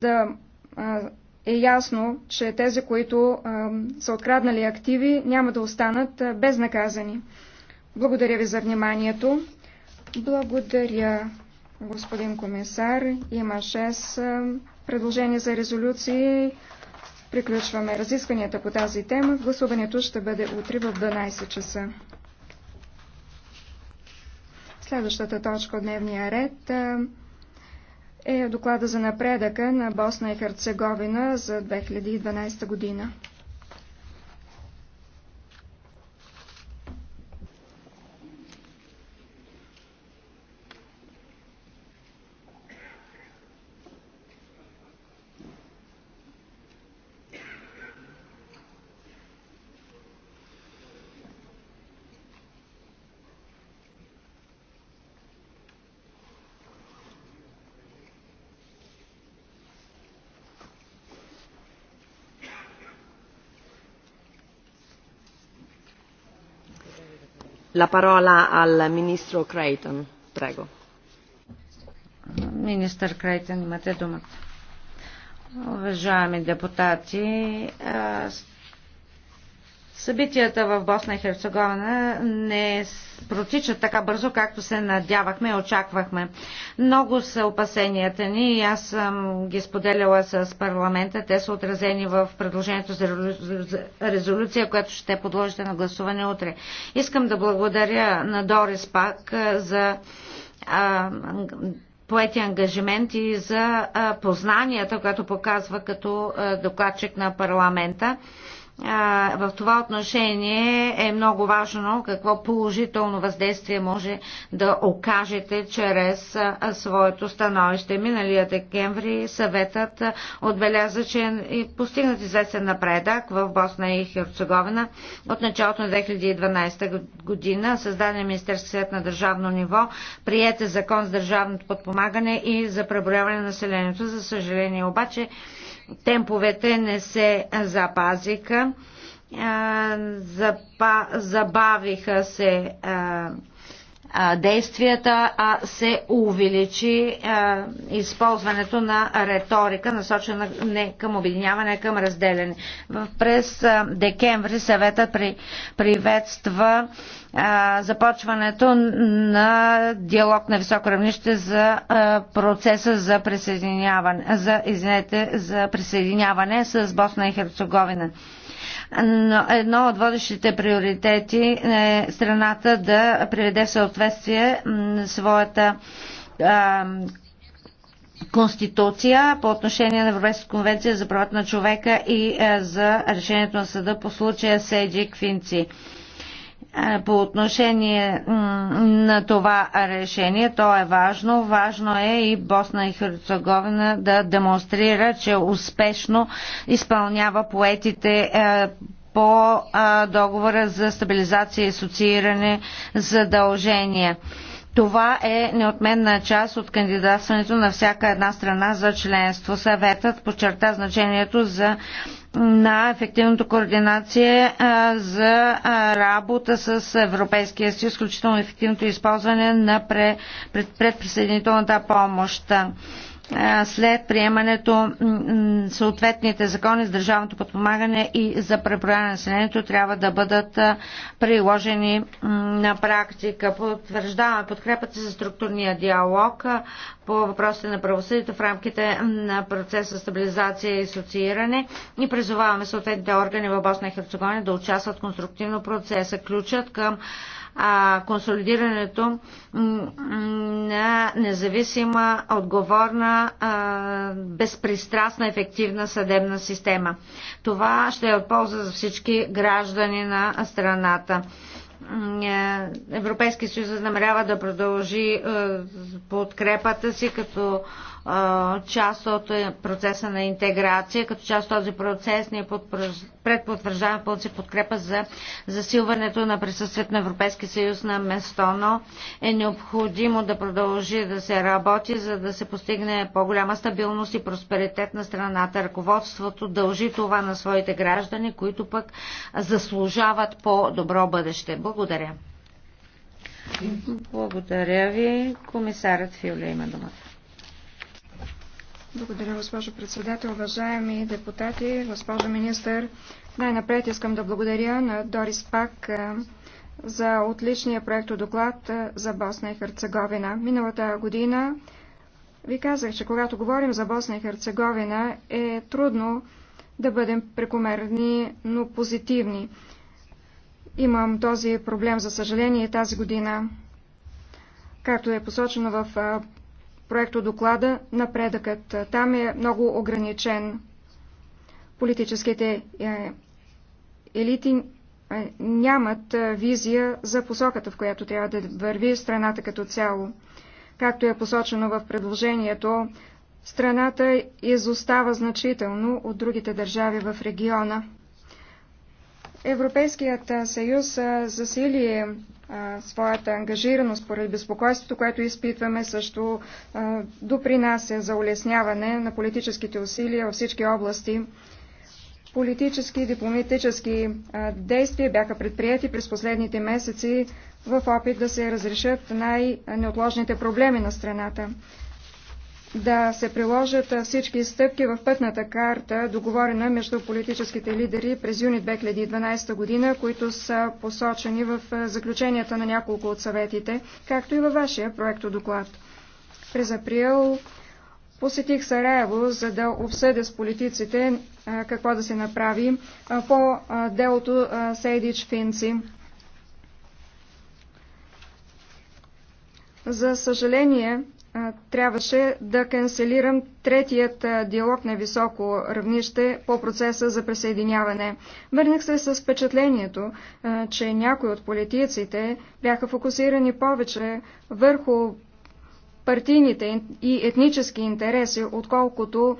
да е ясно, че тези, които са откраднали активи, няма да останат безнаказани. Благодаря ви за вниманието. Благодаря, господин комисар. Има 6 предложения за резолюции. Приключваме разискванията по тази тема. Гласуването ще бъде утре в 12 часа. Следващата точка от дневния ред е доклада за напредъка на Босна и Херцеговина за 2012 година. la parola al ministro Creighton. Prego. Министър Крейтен, имате думата. Уважаеми депутати, Събитията в Босна и Херцеговина не протичат така бързо, както се надявахме и очаквахме. Много са опасенията ни и аз съм ги споделяла с парламента. Те са отразени в предложението за резолюция, която ще подложите на гласуване утре. Искам да благодаря на Дорис Пак за поети ангажимент и за познанията, която показва като докладчик на парламента в това отношение е много важно какво положително въздействие може да окажете чрез своето становище. Миналия декември съветът отбеляза, че е постигнат известен напредък в Босна и Херцеговина от началото на 2012 година. Създаден Министерски съвет на държавно ниво, приете закон за държавното подпомагане и за преброяване на населението. За съжаление обаче, темповете не се запазиха, забавиха се действията, а се увеличи а, използването на риторика, насочена не към обединяване, а към разделяне. През а, декември съветът при, приветства а, започването на диалог на високо равнище за процеса за присъединяване, за, извинете, за присъединяване с Босна и Херцеговина но едно от водещите приоритети е страната да приведе в съответствие своята Конституция по отношение на Европейската конвенция за правата на човека и за решението на съда по случая Сейджи Квинци по отношение на това решение. То е важно. Важно е и Босна и Херцеговина да демонстрира, че успешно изпълнява поетите е, по договора за стабилизация и асоцииране задължения. Това е неотменна част от кандидатстването на всяка една страна за членство. Съветът подчерта значението за на ефективната координация за работа с Европейския съюз, включително ефективното използване на предприсъединителната помощ след приемането съответните закони за държавното подпомагане и за преброяване на населението трябва да бъдат приложени на практика. Потвърждаваме подкрепата за структурния диалог по въпросите на правосъдието в рамките на процеса стабилизация и асоцииране и призоваваме съответните органи в Босна и Херцеговина да участват конструктивно в процеса. Ключът към а, консолидирането на независима, отговорна, а, безпристрастна, ефективна съдебна система. Това ще е от полза за всички граждани на страната. Е, Европейския съюз намерява да продължи е, подкрепата си, като част от е, процеса на интеграция. Като част от този процес ние предпотвърждаваме пълна подкрепа за засилването на присъствието на Европейския съюз на место, но е необходимо да продължи да се работи, за да се постигне по-голяма стабилност и просперитет на страната. Ръководството дължи това на своите граждани, които пък заслужават по-добро бъдеще. Благодаря. Благодаря ви. Комисарът Фиоле има думата. Благодаря, госпожо председател, уважаеми депутати, госпожо министър. Най-напред искам да благодаря на Дорис Пак е, за отличния доклад е, за Босна и Херцеговина. Миналата година ви казах, че когато говорим за Босна и Херцеговина е трудно да бъдем прекомерни, но позитивни. Имам този проблем, за съжаление, тази година. Както е посочено в е, проекто доклада напредъкът. Там е много ограничен. Политическите е, елити е, нямат е, визия за посоката, в която трябва да върви страната като цяло. Както е посочено в предложението, страната изостава значително от другите държави в региона. Европейският съюз засили своята ангажираност поради безпокойството, което изпитваме, също допринася за улесняване на политическите усилия във всички области. Политически и дипломатически действия бяха предприяти през последните месеци в опит да се разрешат най-неотложните проблеми на страната да се приложат всички стъпки в пътната карта, договорена между политическите лидери през юни 2012 година, които са посочени в заключенията на няколко от съветите, както и във вашия проекто доклад. През април посетих Сараево, за да обсъдя с политиците какво да се направи по делото Сейдич Финци. За съжаление, трябваше да канцелирам третият диалог на високо равнище по процеса за присъединяване. Върнах се с впечатлението, че някои от политиците бяха фокусирани повече върху партийните и етнически интереси, отколкото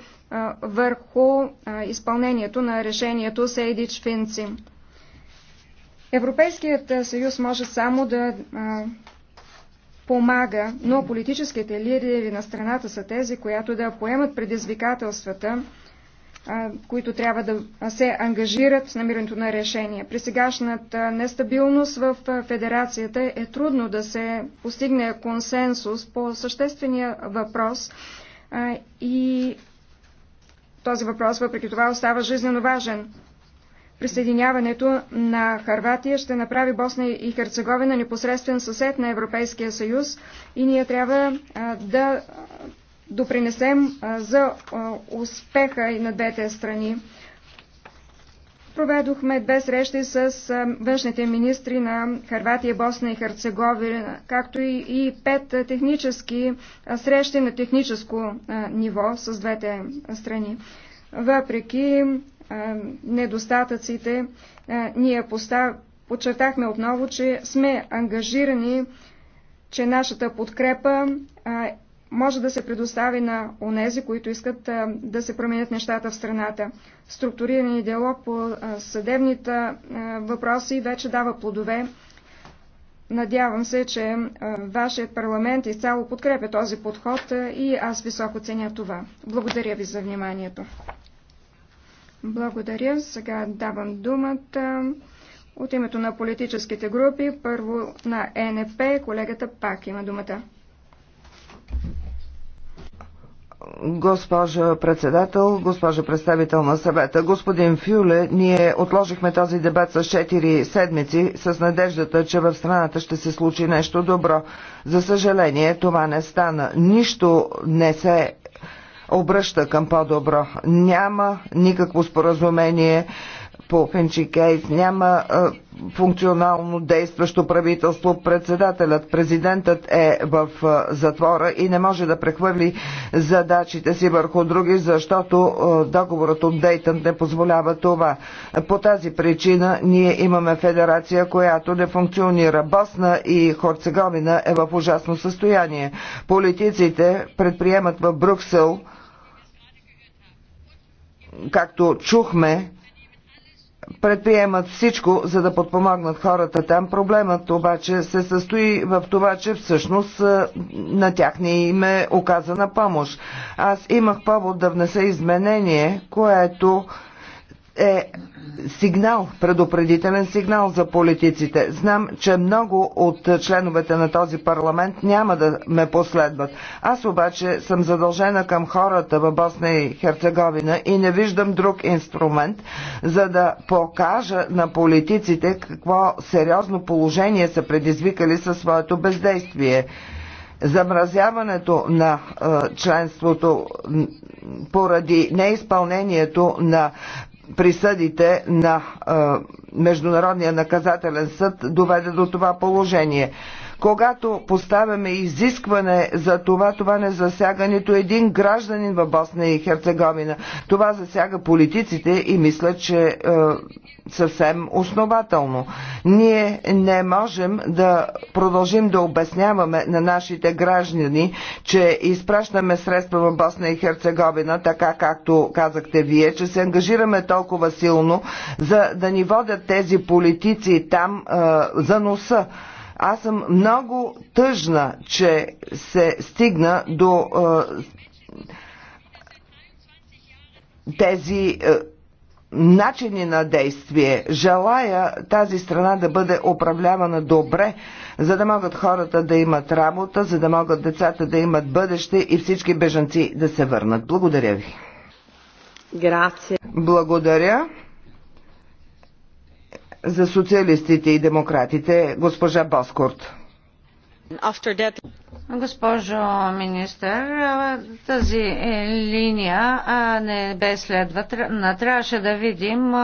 върху изпълнението на решението Сейдич Финци. Европейският съюз може само да помага, но политическите лидери на страната са тези, които да поемат предизвикателствата, които трябва да се ангажират с намирането на решение. При сегашната нестабилност в федерацията е трудно да се постигне консенсус по съществения въпрос и този въпрос въпреки това остава жизненно важен. Присъединяването на Харватия ще направи Босна и Херцеговина непосредствен съсед на Европейския съюз и ние трябва да допринесем за успеха и на двете страни. Проведохме две срещи с външните министри на Харватия, Босна и Херцеговина, както и пет технически срещи на техническо ниво с двете страни. Въпреки недостатъците. Ние постав... подчертахме отново, че сме ангажирани, че нашата подкрепа може да се предостави на онези, които искат да се променят нещата в страната. Структурирани диалог по съдебните въпроси вече дава плодове. Надявам се, че вашият парламент изцяло подкрепя този подход и аз високо ценя това. Благодаря ви за вниманието. Благодаря. Сега давам думата от името на политическите групи. Първо на НП, Колегата пак има думата. Госпожа председател, госпожа представител на съвета, господин Фюле, ние отложихме този дебат с 4 седмици с надеждата, че в страната ще се случи нещо добро. За съжаление, това не стана. Нищо не се обръща към по-добро. Няма никакво споразумение по Кейс, няма а, функционално действащо правителство. Председателят, президентът е в а, затвора и не може да прехвърли задачите си върху други, защото а, договорът от Дейтън не позволява това. По тази причина ние имаме федерация, която не функционира. Босна и Хорцеговина е в ужасно състояние. Политиците предприемат в Брюксел както чухме, предприемат всичко, за да подпомогнат хората там. Проблемът обаче се състои в това, че всъщност на тях не им е оказана помощ. Аз имах повод да внеса изменение, което е сигнал, предупредителен сигнал за политиците. Знам, че много от членовете на този парламент няма да ме последват. Аз обаче съм задължена към хората в Босна и Херцеговина и не виждам друг инструмент, за да покажа на политиците какво сериозно положение са предизвикали със своето бездействие замразяването на е, членството поради неизпълнението на присъдите на Международния наказателен съд доведе до това положение. Когато поставяме изискване за това, това не засяга нито един гражданин в Босна и Херцеговина. Това засяга политиците и мисля, че е, съвсем основателно. Ние не можем да продължим да обясняваме на нашите граждани, че изпращаме средства в Босна и Херцеговина, така както казахте вие, че се ангажираме толкова силно, за да ни водят тези политици там е, за носа. Аз съм много тъжна, че се стигна до е, тези е, начини на действие. Желая тази страна да бъде управлявана добре, за да могат хората да имат работа, за да могат децата да имат бъдеще и всички бежанци да се върнат. Благодаря ви. Грация. Благодаря за социалистите и демократите, госпожа Боскорт. Госпожо министър, тази линия не бе следва. Трябваше да видим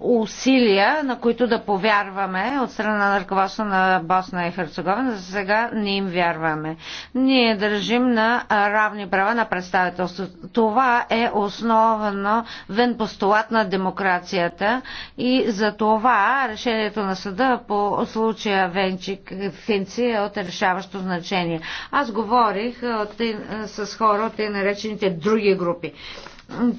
усилия, на които да повярваме от страна на ръководство на Босна и Херцеговина. За сега не им вярваме. Ние държим на равни права на представителство. Това е основно вен постулат на демокрацията и за това решението на съда по случая Венчик Финци е от решаващо значение. Аз говорих от, с хора от наречените други групи.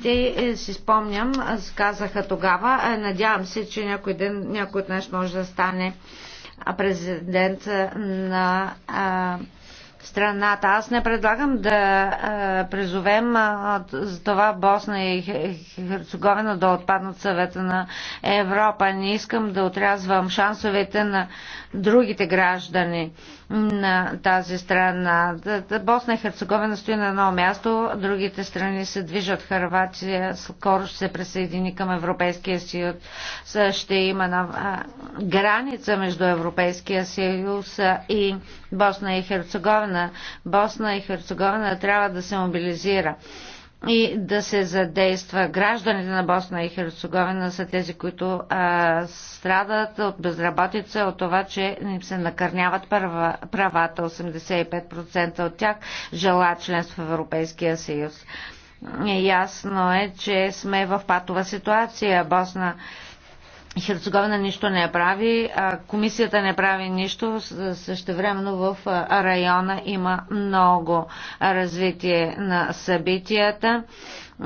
Те е, си спомням, казаха тогава, е, надявам се, че някой ден някой от нас може да стане президент е, на а, страната. Аз не предлагам да а, призовем за това Босна и Херцеговина да отпаднат съвета на Европа. Не искам да отрязвам шансовете на другите граждани на тази страна. Босна и Херцеговина стои на едно място, другите страни се движат. Харватия скоро ще се присъедини към Европейския съюз. Ще има на граница между Европейския съюз и Босна и Херцеговина. Босна и Херцеговина трябва да се мобилизира и да се задейства. Гражданите на Босна и Херцеговина са тези, които а, страдат от безработица, от това, че им се накърняват права, правата. 85% от тях желаят членство в Европейския съюз. Ясно е, че сме в патова ситуация. Босна Херцеговина нищо не прави, комисията не прави нищо, същевременно в района има много развитие на събитията.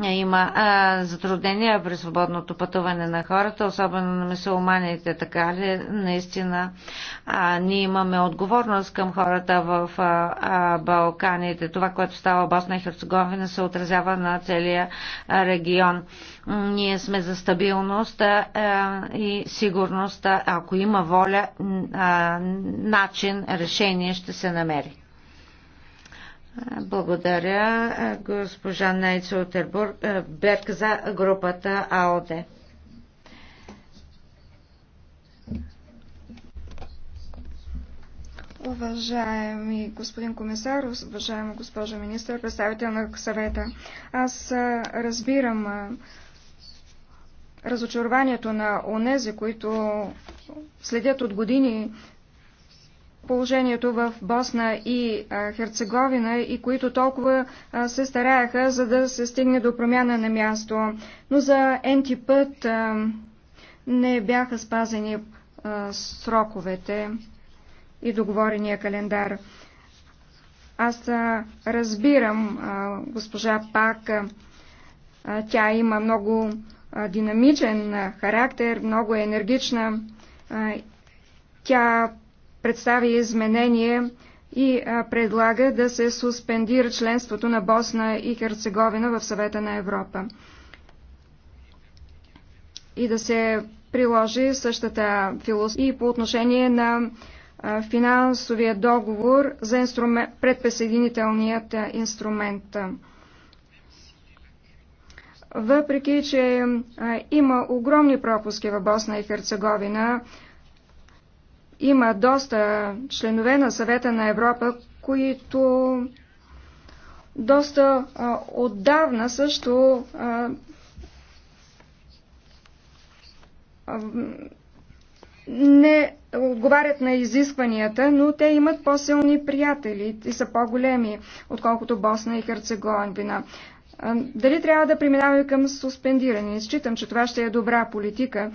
Е, има а, затруднения при свободното пътуване на хората, особено на мусулманите, така ли наистина а, ние имаме отговорност към хората в а, а, Балканите. Това, което става в Босна и Херцеговина, се отразява на целия регион. Ние сме за стабилност а, и сигурност. Ако има воля, а, начин, решение ще се намери. Благодаря, госпожа Нейцо Берг за групата АОД. Уважаеми господин комисар, уважаема госпожа министър, представител на съвета, аз разбирам разочарованието на онези, които следят от години положението в Босна и Херцеговина и които толкова се стараяха, за да се стигне до промяна на място. Но за енти път не бяха спазени сроковете и договорения календар. Аз разбирам госпожа Пак. Тя има много динамичен характер, много енергична. Тя представи изменение и предлага да се суспендира членството на Босна и Херцеговина в съвета на Европа и да се приложи същата философия и по отношение на финансовия договор за инструмен... предприсъединителният инструмент. Въпреки, че има огромни пропуски в Босна и Херцеговина, има доста членове на съвета на Европа, които доста а, отдавна също а, а, не отговарят на изискванията, но те имат по-силни приятели и са по-големи, отколкото Босна и Херцеговина. Дали трябва да преминаваме към суспендиране? Считам, че това ще е добра политика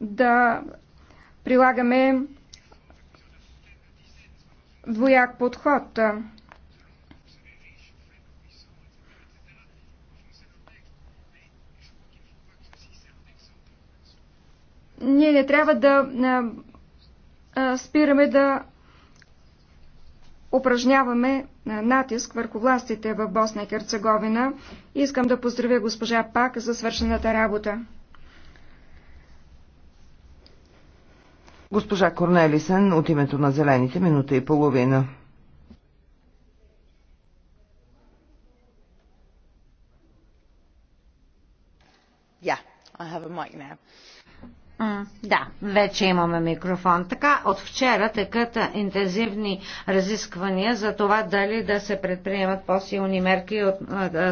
да прилагаме двояк подход. Ние не трябва да спираме да упражняваме натиск върху властите в Босна и Херцеговина. Искам да поздравя госпожа Пак за свършената работа. Госпожа Корнелисен от името на Зелените минута и половина. Yeah, I have a mic now. Да, вече имаме микрофон. Така, от вчера текат интензивни разисквания за това дали да се предприемат по-силни мерки от,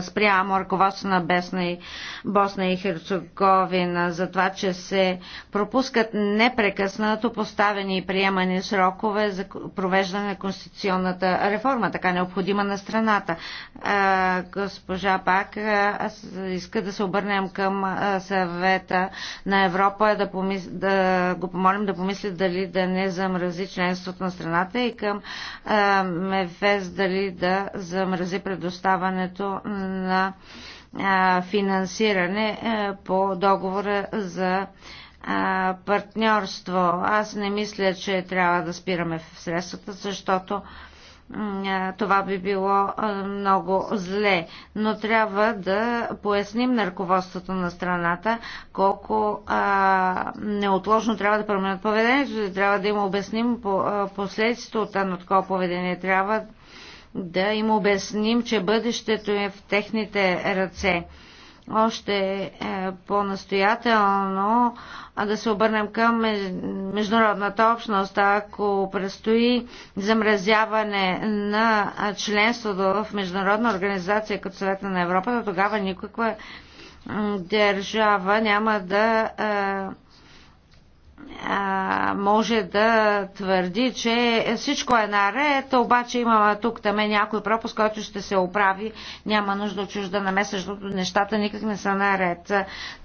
спрямо ръководство на Бесна и, Босна и Херцеговина, за това, че се пропускат непрекъснато поставени и приемани срокове за провеждане на конституционната реформа, така необходима на страната. А, госпожа Пак, аз иска да се обърнем към съвета на Европа да помис... да го помолим да помисли дали да не замрази членството на страната и към а, МФС дали да замрази предоставането на а, финансиране а, по договора за а, партньорство. Аз не мисля, че трябва да спираме в средствата, защото това би било много зле. Но трябва да поясним на ръководството на страната колко неотложно трябва да променят поведението. Трябва да им обясним последствието от такова поведение. Трябва да им обясним, че бъдещето е в техните ръце още е, по-настоятелно да се обърнем към международната общност. Ако предстои замразяване на членството в международна организация като Съвета на Европа, то тогава никаква държава няма да е, а, може да твърди, че всичко е наред, обаче има тук таме някой пропуск, който ще се оправи, няма нужда от чужда намеса, защото нещата никак не са наред.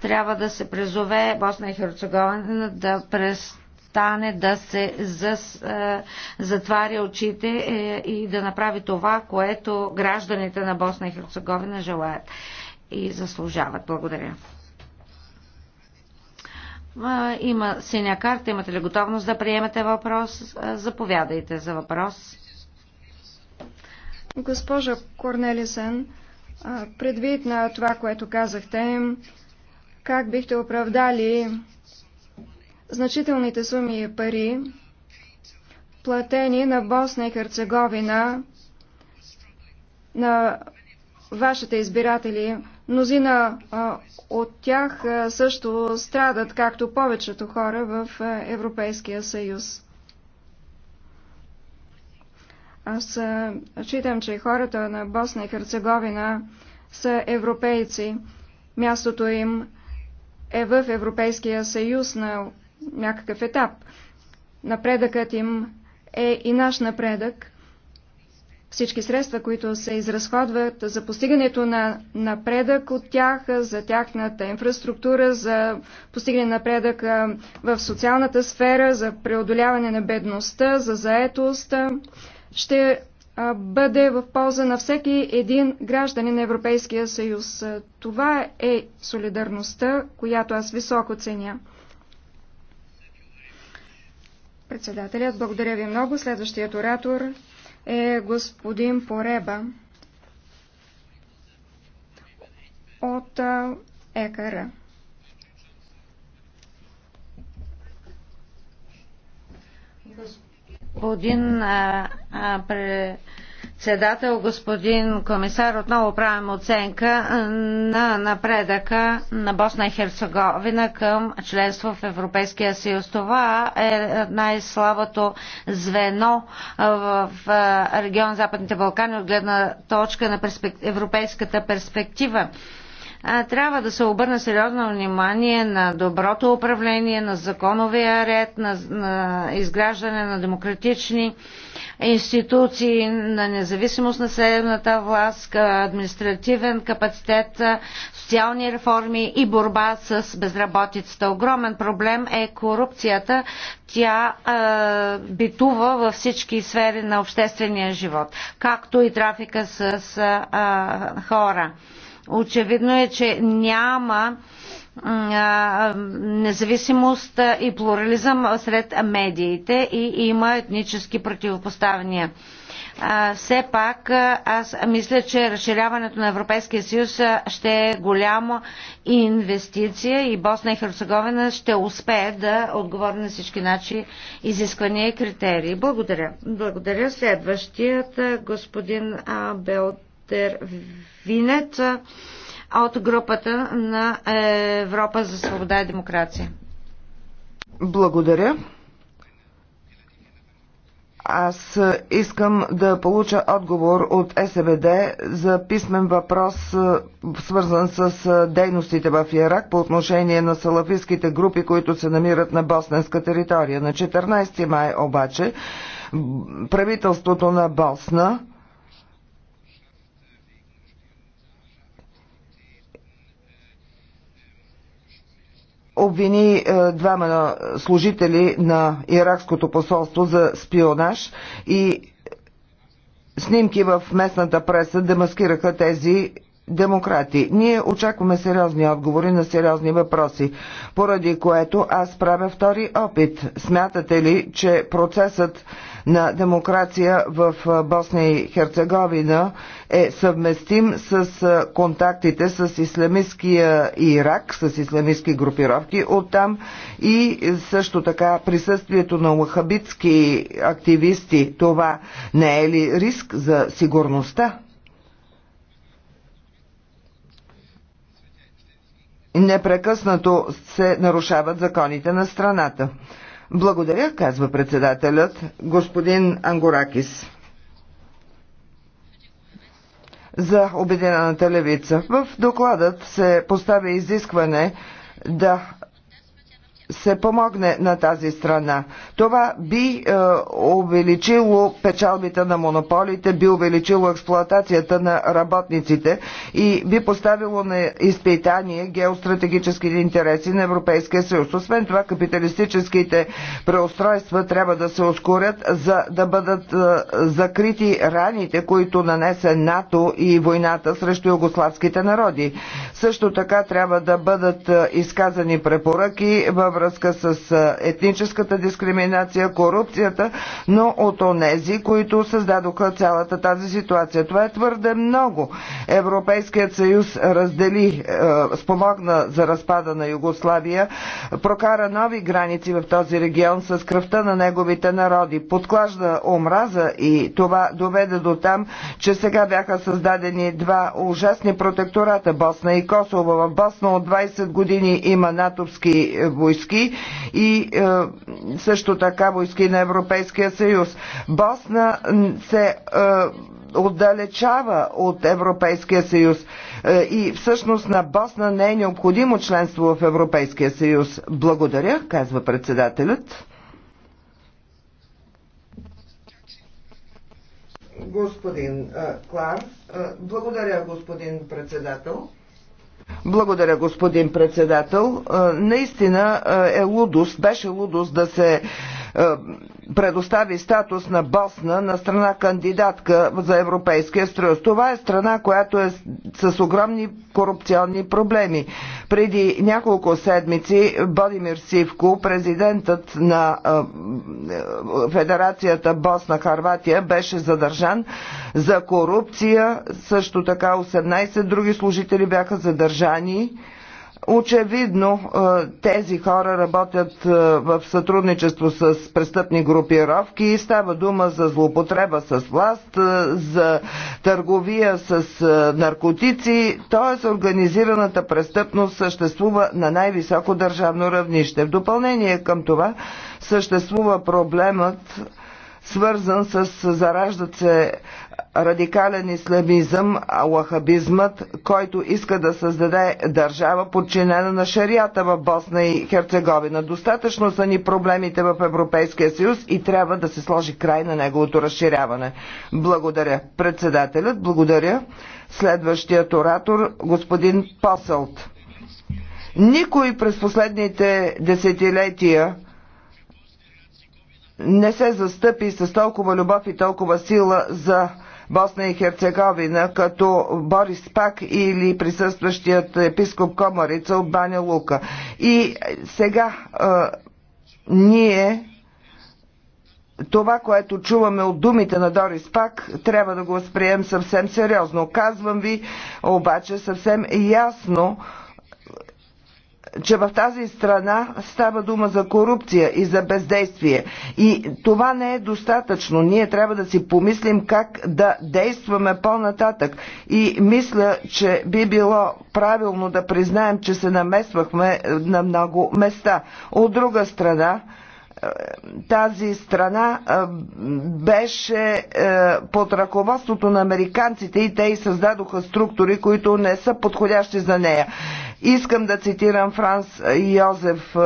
Трябва да се призове Босна и Херцеговина да през стане да се зас, затваря очите е, и да направи това, което гражданите на Босна и Херцеговина желаят и заслужават. Благодаря. Има синя карта. Имате ли готовност да приемете въпрос? Заповядайте за въпрос. Госпожа Корнелисен, предвид на това, което казахте, как бихте оправдали значителните суми и пари, платени на Босна и Херцеговина, на вашите избиратели, Мнозина от тях също страдат, както повечето хора в Европейския съюз. Аз читам, че хората на Босна и Херцеговина са европейци. Мястото им е в Европейския съюз на някакъв етап. Напредъкът им е и наш напредък всички средства, които се изразходват за постигането на напредък от тях, за тяхната инфраструктура, за постигане на напредък в социалната сфера, за преодоляване на бедността, за заетост, ще бъде в полза на всеки един гражданин на Европейския съюз. Това е солидарността, която аз високо ценя. Председателят, благодаря ви много. Следващият оратор е господин Пореба от ЕКР. Господин а, а, пре председател, господин комисар, отново правим оценка на напредъка на Босна и Херцеговина към членство в Европейския съюз. Това е най-слабото звено в регион Западните Балкани от гледна точка на европейската перспектива трябва да се обърне сериозно внимание на доброто управление, на законовия ред, на, на изграждане на демократични институции, на независимост на съдебната власт, административен капацитет, социални реформи и борба с безработицата. Огромен проблем е корупцията. Тя е, битува във всички сфери на обществения живот, както и трафика с е, хора. Очевидно е, че няма независимост и плурализъм сред медиите и има етнически противопоставяния. Все пак аз мисля, че разширяването на Европейския съюз ще е голяма инвестиция и Босна и Херцеговина ще успее да отговори на всички начи изисквания и критерии. Благодаря. Благодаря. Следващият господин Белт Винец от групата на е, Европа за свобода и демокрация. Благодаря. Аз искам да получа отговор от СБД за писмен въпрос, е, свързан с е, дейностите в Ирак по отношение на салафистските групи, които се намират на босненска територия. На 14 май обаче правителството на Босна обвини е, двама служители на иракското посолство за спионаж и снимки в местната преса демаскираха тези демократи. Ние очакваме сериозни отговори на сериозни въпроси, поради което аз правя втори опит. Смятате ли, че процесът на демокрация в е, Босния и Херцеговина е съвместим с контактите с ислямистския Ирак, с исламистски групировки оттам и също така присъствието на лахабитски активисти. Това не е ли риск за сигурността? Непрекъснато се нарушават законите на страната. Благодаря, казва председателят господин Ангоракис за Обединената левица. В докладът се поставя изискване да се помогне на тази страна. Това би е, увеличило печалбите на монополите, би увеличило експлоатацията на работниците и би поставило на изпитание геостратегическите интереси на Европейския съюз. Освен това, капиталистическите преустройства трябва да се ускорят, за да бъдат е, закрити раните, които нанесе НАТО и войната срещу югославските народи. Също така трябва да бъдат е, изказани препоръки във връзка с етническата дискриминация, корупцията, но от онези, които създадоха цялата тази ситуация. Това е твърде много. Европейският съюз раздели, е, спомогна за разпада на Югославия, прокара нови граници в този регион с кръвта на неговите народи, подклажда омраза и това доведе до там, че сега бяха създадени два ужасни протектората Босна и Косово. В Босна от 20 години има натовски е, войски войски и е, също така войски на Европейския съюз. Босна се е, отдалечава от Европейския съюз е, и всъщност на Босна не е необходимо членство в Европейския съюз. Благодаря, казва председателят. Господин е, Клар, е, благодаря господин председател. Благодаря, господин председател. Е, наистина е, е лудост, беше лудост да се е, предостави статус на Босна на страна кандидатка за Европейския съюз. Това е страна, която е с огромни корупционни проблеми. Преди няколко седмици Бодимир Сивко, президентът на е, е, Федерацията Босна-Харватия, беше задържан за корупция. Също така 18 други служители бяха задържани. Очевидно е, тези хора работят е, в сътрудничество с престъпни групировки и става дума за злопотреба с власт, е, за търговия с наркотици, т.е. организираната престъпност съществува на най-високо държавно равнище. В допълнение към това съществува проблемът свързан с зараждат се радикален исламизъм, алахабизмът, който иска да създаде държава подчинена на шарията в Босна и Херцеговина. Достатъчно са ни проблемите в Европейския съюз и трябва да се сложи край на неговото разширяване. Благодаря. Председателят, благодаря. Следващият оратор, господин Посълт. Никой през последните десетилетия не се застъпи с толкова любов и толкова сила за Босна и Херцеговина, като Борис Пак или присъстващият епископ Комарица от Баня Лука. И сега а, ние това, което чуваме от думите на Дорис Пак, трябва да го възприем съвсем сериозно. Казвам ви обаче съвсем ясно, че в тази страна става дума за корупция и за бездействие. И това не е достатъчно. Ние трябва да си помислим как да действаме по-нататък. И мисля, че би било правилно да признаем, че се намесвахме на много места. От друга страна, тази страна беше под ръководството на американците и те и създадоха структури, които не са подходящи за нея. Искам да цитирам Франс Йозеф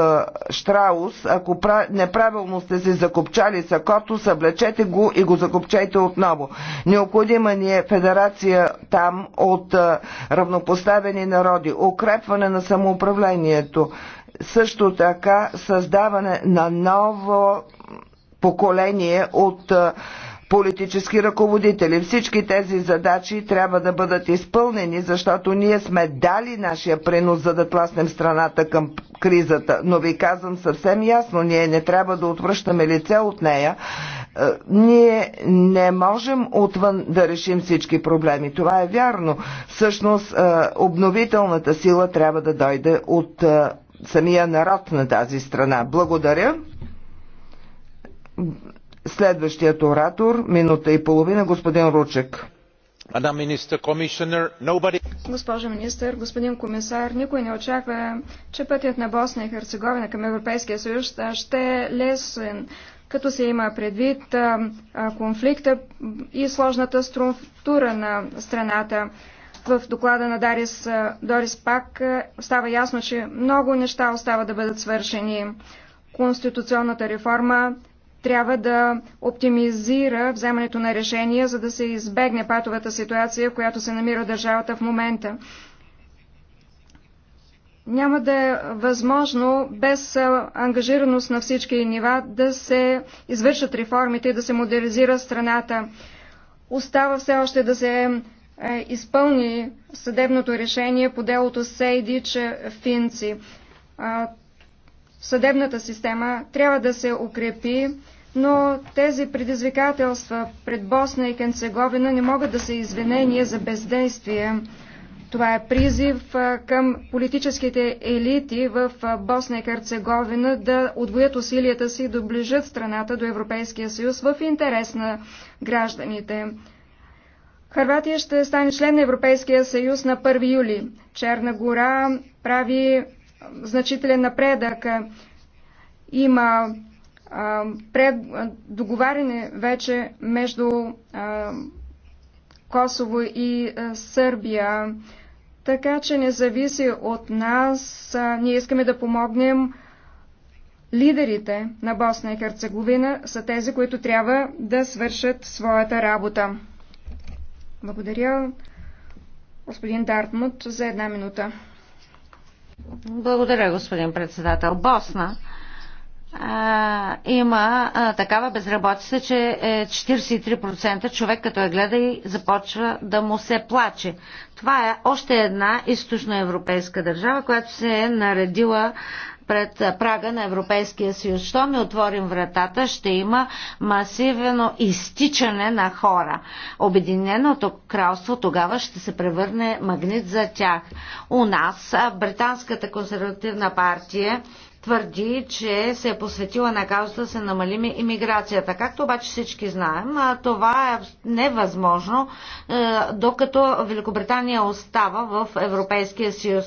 Штраус. Ако неправилно сте се закопчали сакото, съблечете го и го закопчайте отново. Необходима ни е федерация там от равнопоставени народи, укрепване на самоуправлението също така създаване на ново поколение от политически ръководители. Всички тези задачи трябва да бъдат изпълнени, защото ние сме дали нашия принос за да тласнем страната към кризата. Но ви казвам съвсем ясно, ние не трябва да отвръщаме лице от нея. Ние не можем отвън да решим всички проблеми. Това е вярно. Всъщност, обновителната сила трябва да дойде от самия народ на тази страна. Благодаря. Следващият оратор, минута и половина, господин Ручек. Госпожо министър, господин комисар, никой не очаква, че пътят на Босна и Херцеговина към Европейския съюз ще е лесен, като се има предвид конфликта и сложната структура на страната в доклада на Дарис, Дорис Пак става ясно, че много неща остава да бъдат свършени. Конституционната реформа трябва да оптимизира вземането на решения, за да се избегне патовата ситуация, в която се намира държавата в момента. Няма да е възможно без ангажираност на всички нива да се извършат реформите и да се модернизира страната. Остава все още да се е, изпълни съдебното решение по делото Сейдич е, Финци. Съдебната система трябва да се укрепи, но тези предизвикателства пред Босна и Кенцеговина не могат да са извинения за бездействие. Това е призив към политическите елити в Босна и Карцеговина да отвоят усилията си и доближат страната до Европейския съюз в интерес на гражданите. Харватия ще стане член на Европейския съюз на 1 юли. Черна гора прави значителен напредък. Има договаряне вече между Косово и Сърбия. Така че не зависи от нас. ние искаме да помогнем лидерите на Босна и Херцеговина са тези, които трябва да свършат своята работа. Благодаря, господин Дартмут, за една минута. Благодаря, господин председател. Босна а, има а, такава безработица, че е 43% човек като я гледа и започва да му се плаче. Това е още една източноевропейска държава, която се е наредила пред прага на Европейския съюз. що ми отворим вратата, ще има масивно изтичане на хора. Обединеното кралство тогава ще се превърне магнит за тях. У нас британската консервативна партия твърди, че се е посветила на каузата да се намали иммиграцията. Както обаче всички знаем, това е невъзможно, е, докато Великобритания остава в Европейския съюз.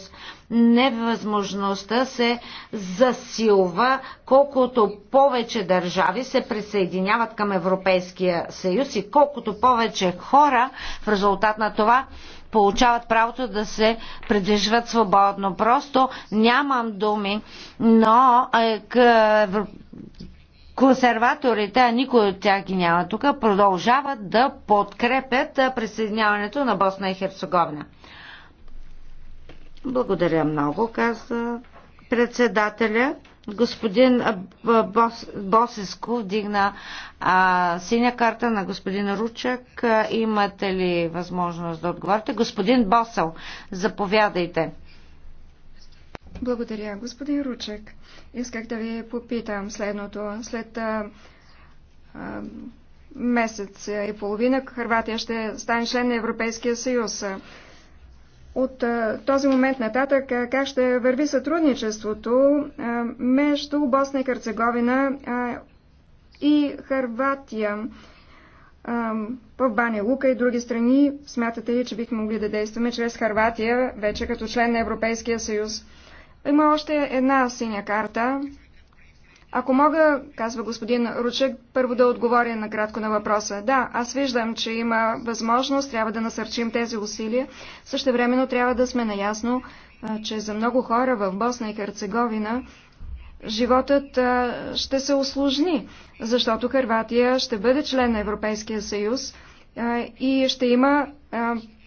Невъзможността се засилва, колкото повече държави се присъединяват към Европейския съюз и колкото повече хора в резултат на това получават правото да се предвижват свободно. Просто нямам думи, но е, консерваторите, а никой от тях ги няма тук, продължават да подкрепят присъединяването на Босна и Херцеговина. Благодаря много, каза председателя господин Босиско, вдигна дигна а, синя карта на господин Ручък. Имате ли възможност да отговорите? Господин Босел, заповядайте. Благодаря, господин Ручек. Исках да ви попитам следното. След а, а, месец и половина Харватия ще стане член на Европейския съюз от този момент нататък как ще върви сътрудничеството между Босна и Херцеговина и Харватия в Баня Лука и други страни. Смятате ли, че бихме могли да действаме чрез Харватия, вече като член на Европейския съюз? Има още една синя карта. Ако мога, казва господин Ручек, първо да отговоря накратко на въпроса. Да, аз виждам, че има възможност, трябва да насърчим тези усилия. Също времено трябва да сме наясно, че за много хора в Босна и Херцеговина животът ще се осложни, защото Харватия ще бъде член на Европейския съюз и ще има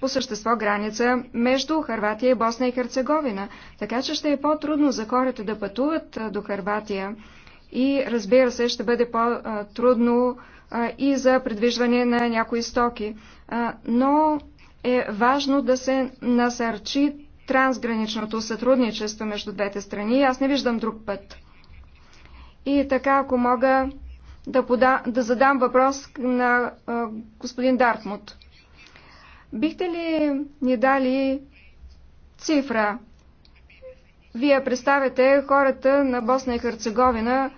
по същество граница между Харватия и Босна и Херцеговина. Така че ще е по-трудно за хората да пътуват до Харватия и разбира се ще бъде по-трудно и за предвижване на някои стоки. Но е важно да се насърчи трансграничното сътрудничество между двете страни. Аз не виждам друг път. И така, ако мога да, пода, да задам въпрос на господин Дартмут. Бихте ли ни дали цифра вие представяте хората на Босна и Херцеговина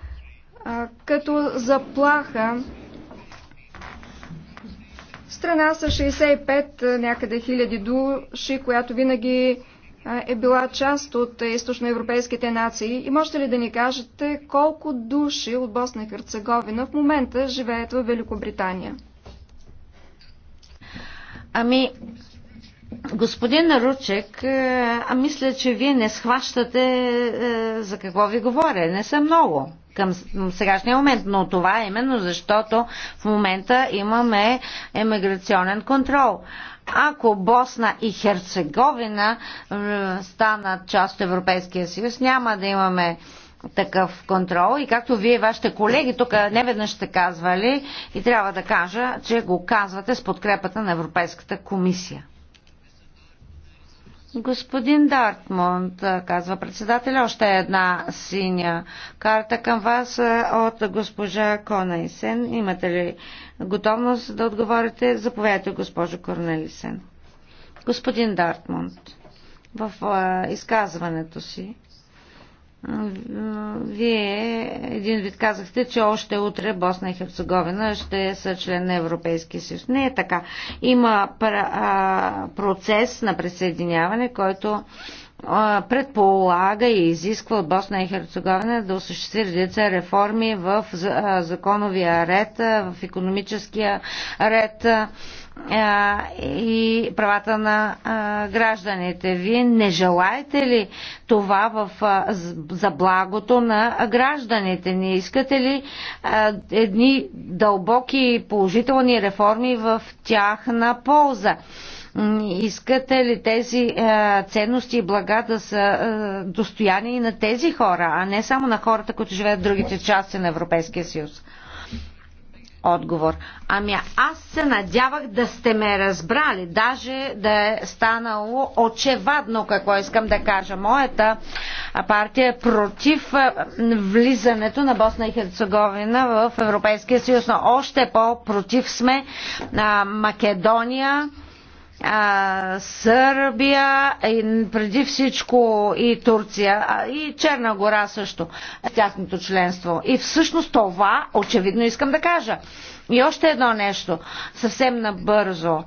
а, като заплаха. Страна с 65 някъде хиляди души, която винаги е била част от източноевропейските нации. И можете ли да ни кажете колко души от Босна и Херцеговина в момента живеят в Великобритания? Ами, Господин Ручек, е, а мисля, че вие не схващате е, за какво ви говоря. Не са много към сегашния момент, но това е именно защото в момента имаме емиграционен контрол. Ако Босна и Херцеговина е, станат част от Европейския съюз, няма да имаме такъв контрол и както вие вашите колеги тук не веднъж сте казвали и трябва да кажа, че го казвате с подкрепата на Европейската комисия. Господин Дартмунд, казва председателя, още една синя карта към вас е, от госпожа Конайсен. Имате ли готовност да отговорите? Заповядайте, госпожо Корнелисен. Господин Дартмунд, в е, изказването си вие един вид казахте, че още утре Босна и Херцеговина ще са член на Европейския съюз. Не е така. Има процес на присъединяване, който предполага и изисква от Босна и Херцеговина да осъществи редица реформи в законовия ред, в економическия ред, и правата на гражданите. Вие не желаете ли това в, за благото на гражданите? Не искате ли едни дълбоки положителни реформи в тяхна полза? Искате ли тези е, ценности и блага да са е, достояние и на тези хора, а не само на хората, които живеят в другите части на Европейския съюз? отговор. Ами аз се надявах да сте ме разбрали, даже да е станало очевадно какво искам да кажа. Моята партия е против влизането на Босна и Херцеговина в Европейския съюз, но още по-против сме Македония а, Сърбия, и преди всичко и Турция, а, и Черна гора също, тяхното членство. И всъщност това очевидно искам да кажа. И още едно нещо, съвсем набързо.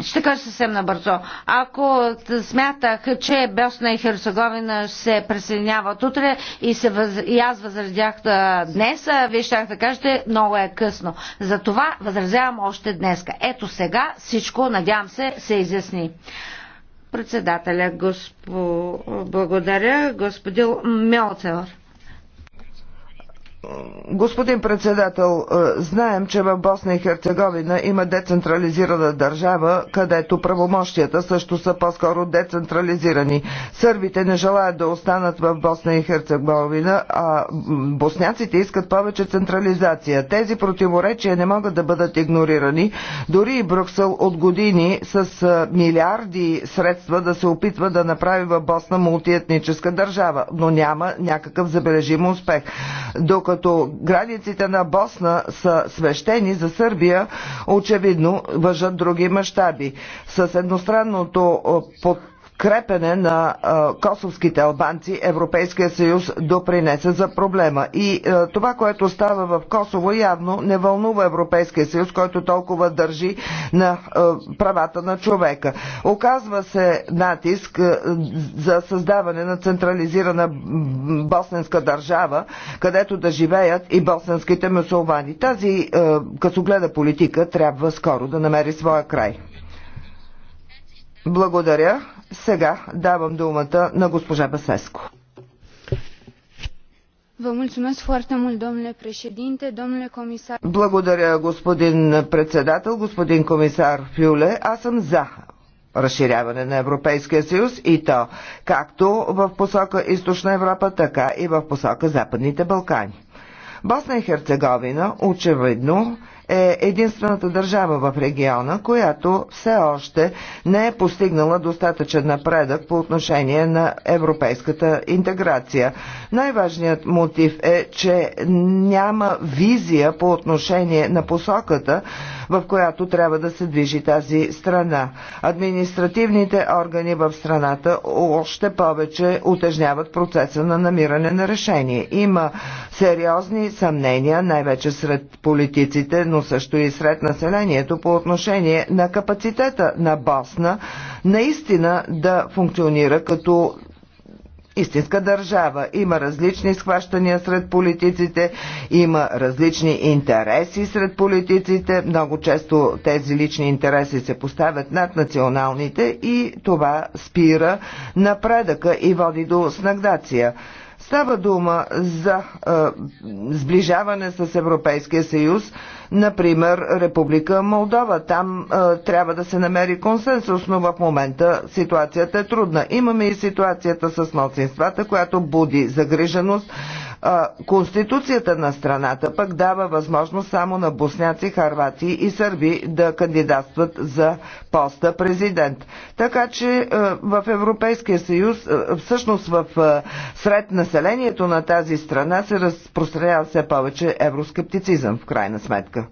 Ще кажа съвсем набързо. Ако смятах, че Босна и Херцеговина се присъединяват утре и, се въз... и аз възразях днес, вие щях да кажете, много е късно. Затова възразявам още днес. Ето сега всичко, надявам се, се изясни. Председателя, госп... благодаря, господин Мелцер. Господин председател, е, знаем, че в Босна и Херцеговина има децентрализирана държава, където правомощията също са по-скоро децентрализирани. Сърбите не желаят да останат в Босна и Херцеговина, а босняците искат повече централизация. Тези противоречия не могат да бъдат игнорирани. Дори и Брюксел от години с е, милиарди средства да се опитва да направи в Босна мултиетническа държава, но няма някакъв забележим успех. Докато докато границите на Босна са свещени за Сърбия, очевидно въжат други мащаби. С едностранното под крепене на косовските албанци Европейския съюз допринесе за проблема. И това, което става в Косово, явно не вълнува Европейския съюз, който толкова държи на правата на човека. Оказва се натиск за създаване на централизирана босненска държава, където да живеят и босненските мусулмани. Тази късогледа политика трябва скоро да намери своя край. Благодаря. Сега давам думата на госпожа Басеско. Vă mulțumesc foarte mult, domnule președinte, domnule comisar. Благодаря, господин председател, господин комисар Фюле. Аз съм за разширяване на Европейския съюз и то както в посока Източна Европа, така и в посока Западните Балкани. Босна и Херцеговина очевидно е единствената държава в региона, която все още не е постигнала достатъчен напредък по отношение на европейската интеграция. Най-важният мотив е, че няма визия по отношение на посоката, в която трябва да се движи тази страна. Административните органи в страната още повече утежняват процеса на намиране на решение. Има сериозни съмнения, най-вече сред политиците, но също и сред населението по отношение на капацитета на Босна наистина да функционира като истинска държава. Има различни схващания сред политиците, има различни интереси сред политиците. Много често тези лични интереси се поставят над националните и това спира напредъка и води до снагдация. Става дума за е, сближаване с Европейския съюз, например Република Молдова. Там а, трябва да се намери консенсус, но в момента ситуацията е трудна. Имаме и ситуацията с младсинствата, която буди загриженост Конституцията на страната пък дава възможност само на босняци, харвати и сърби да кандидатстват за поста президент. Така че в Европейския съюз, всъщност в сред населението на тази страна се разпространява все повече евроскептицизъм в крайна сметка.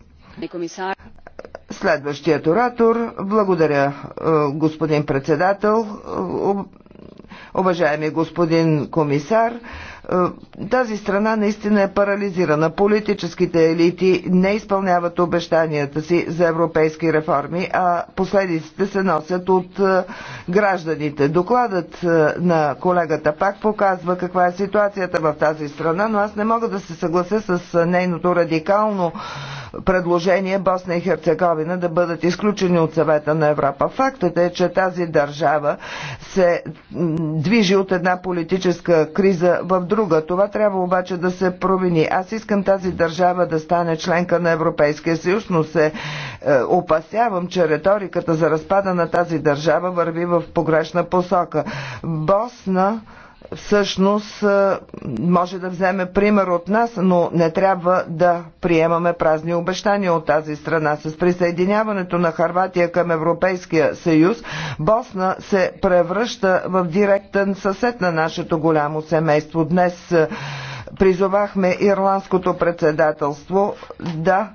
Следващият оратор. Благодаря, господин председател. Уважаеми господин комисар, е, тази страна наистина е парализирана. Политическите елити не изпълняват обещанията си за европейски реформи, а последиците се носят от е, гражданите. Докладът е, на колегата пак показва каква е ситуацията в тази страна, но аз не мога да се съглася с нейното радикално предложение Босна и Херцеговина да бъдат изключени от съвета на Европа. Фактът е, че тази държава се движи от една политическа криза в друга. Това трябва обаче да се промени. Аз искам тази държава да стане членка на Европейския съюз, но се е, опасявам, че риториката за разпада на тази държава върви в погрешна посока. Босна всъщност може да вземе пример от нас, но не трябва да приемаме празни обещания от тази страна. С присъединяването на Харватия към Европейския съюз, Босна се превръща в директен съсед на нашето голямо семейство. Днес призовахме ирландското председателство да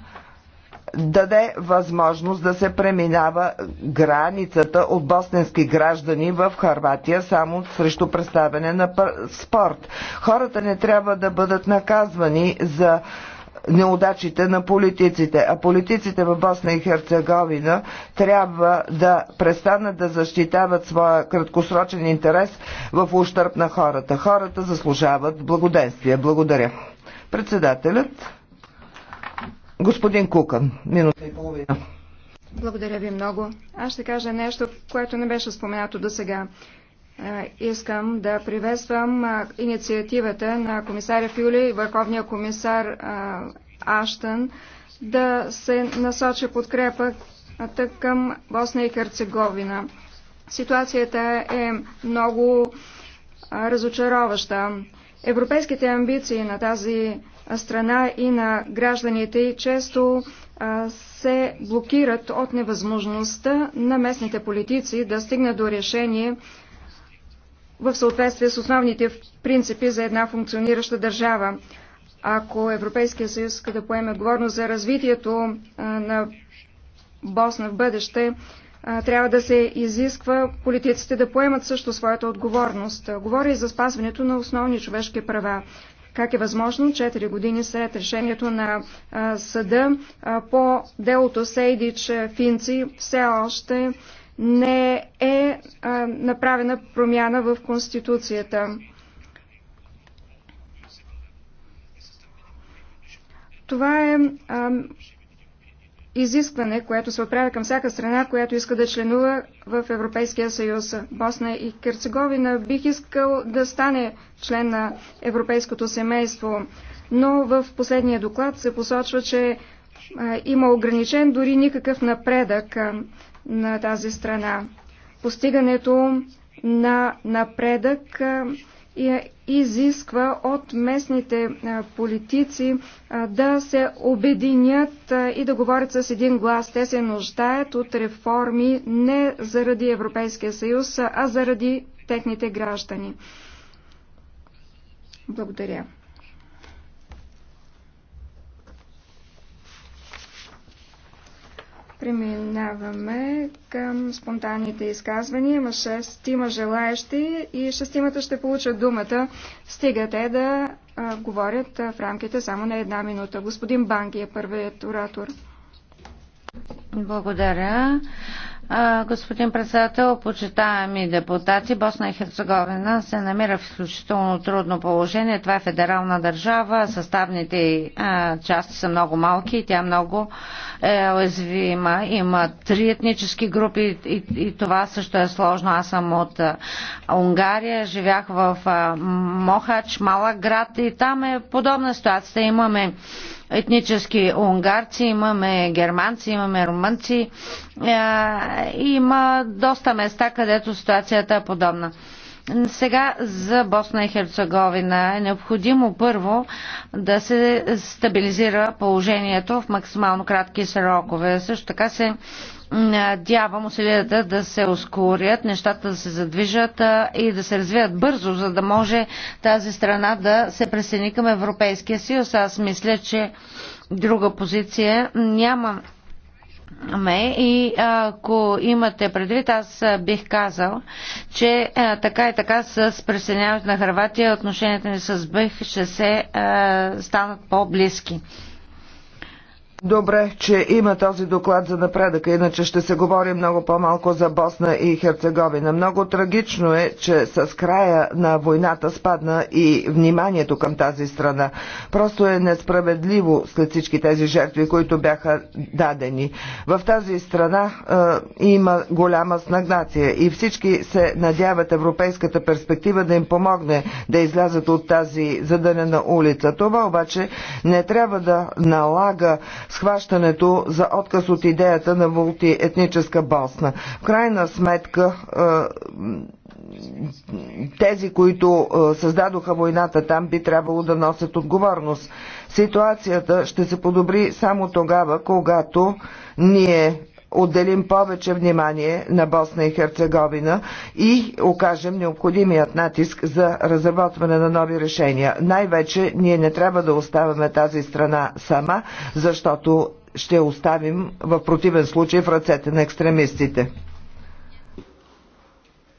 даде възможност да се преминава границата от босненски граждани в Харватия само срещу представяне на спорт. Хората не трябва да бъдат наказвани за неудачите на политиците, а политиците в Босна и Херцеговина трябва да престанат да защитават своя краткосрочен интерес в ущърп на хората. Хората заслужават благоденствие. Благодаря. Председателят Господин Кукан, минута и половина. Благодаря ви много. Аз ще кажа нещо, което не беше споменато до сега. Е, искам да приветствам инициативата на комисаря Фюли и върховния комисар Аштън да се насочи подкрепа към Босна и Херцеговина. Ситуацията е много разочароваща. Европейските амбиции на тази страна и на гражданите и често се блокират от невъзможността на местните политици да стигнат до решение в съответствие с основните принципи за една функционираща държава. Ако Европейския съюз иска да поеме отговорност за развитието на Босна в бъдеще, трябва да се изисква политиците да поемат също своята отговорност. Говори и за спазването на основни човешки права. Как е възможно 4 години след решението на съда по делото Сейдич Финци все още не е направена промяна в Конституцията? Това е изискване, което се отправя към всяка страна, която иска да членува в Европейския съюз. Босна и Керцеговина бих искал да стане член на европейското семейство, но в последния доклад се посочва, че има ограничен дори никакъв напредък на тази страна. Постигането на напредък изисква от местните политици да се обединят и да говорят с един глас. Те се нуждаят от реформи не заради Европейския съюз, а заради техните граждани. Благодаря. Преминаваме към спонтанните изказвания. Има шестима желаящи и шестимата ще получат думата. Стигате да а, говорят а, в рамките само на една минута. Господин Банки е първият оратор. Благодаря. Господин председател, почитаеми депутати, Босна и Херцеговина се намира в изключително трудно положение. Това е федерална държава, съставните части са много малки и тя много е уязвима. Има три етнически групи и, и това също е сложно. Аз съм от Унгария, живях в Мохач, малък град и там е подобна ситуация. Имаме етнически унгарци, имаме германци, имаме румънци. Е, има доста места, където ситуацията е подобна. Сега за Босна и Херцеговина е необходимо първо да се стабилизира положението в максимално кратки срокове. Също така се Надявам усилията да се ускорят, нещата да се задвижат и да се развият бързо, за да може тази страна да се присъедини към Европейския съюз. Аз мисля, че друга позиция няма ме и ако имате предвид, аз бих казал, че така и така с присъединяването на Харватия отношенията ни с БИХ ще се станат по-близки. Добре, че има този доклад за напредъка, иначе ще се говори много по-малко за Босна и Херцеговина. Много трагично е, че с края на войната спадна и вниманието към тази страна. Просто е несправедливо след всички тези жертви, които бяха дадени. В тази страна е, има голяма снагнация и всички се надяват европейската перспектива да им помогне да излязат от тази задънена улица. Това обаче не трябва да налага схващането за отказ от идеята на мултиетническа Босна. В крайна сметка е, тези, които е, създадоха войната там, би трябвало да носят отговорност. Ситуацията ще се подобри само тогава, когато ние отделим повече внимание на Босна и Херцеговина и окажем необходимият натиск за разработване на нови решения. Най-вече ние не трябва да оставяме тази страна сама, защото ще оставим в противен случай в ръцете на екстремистите.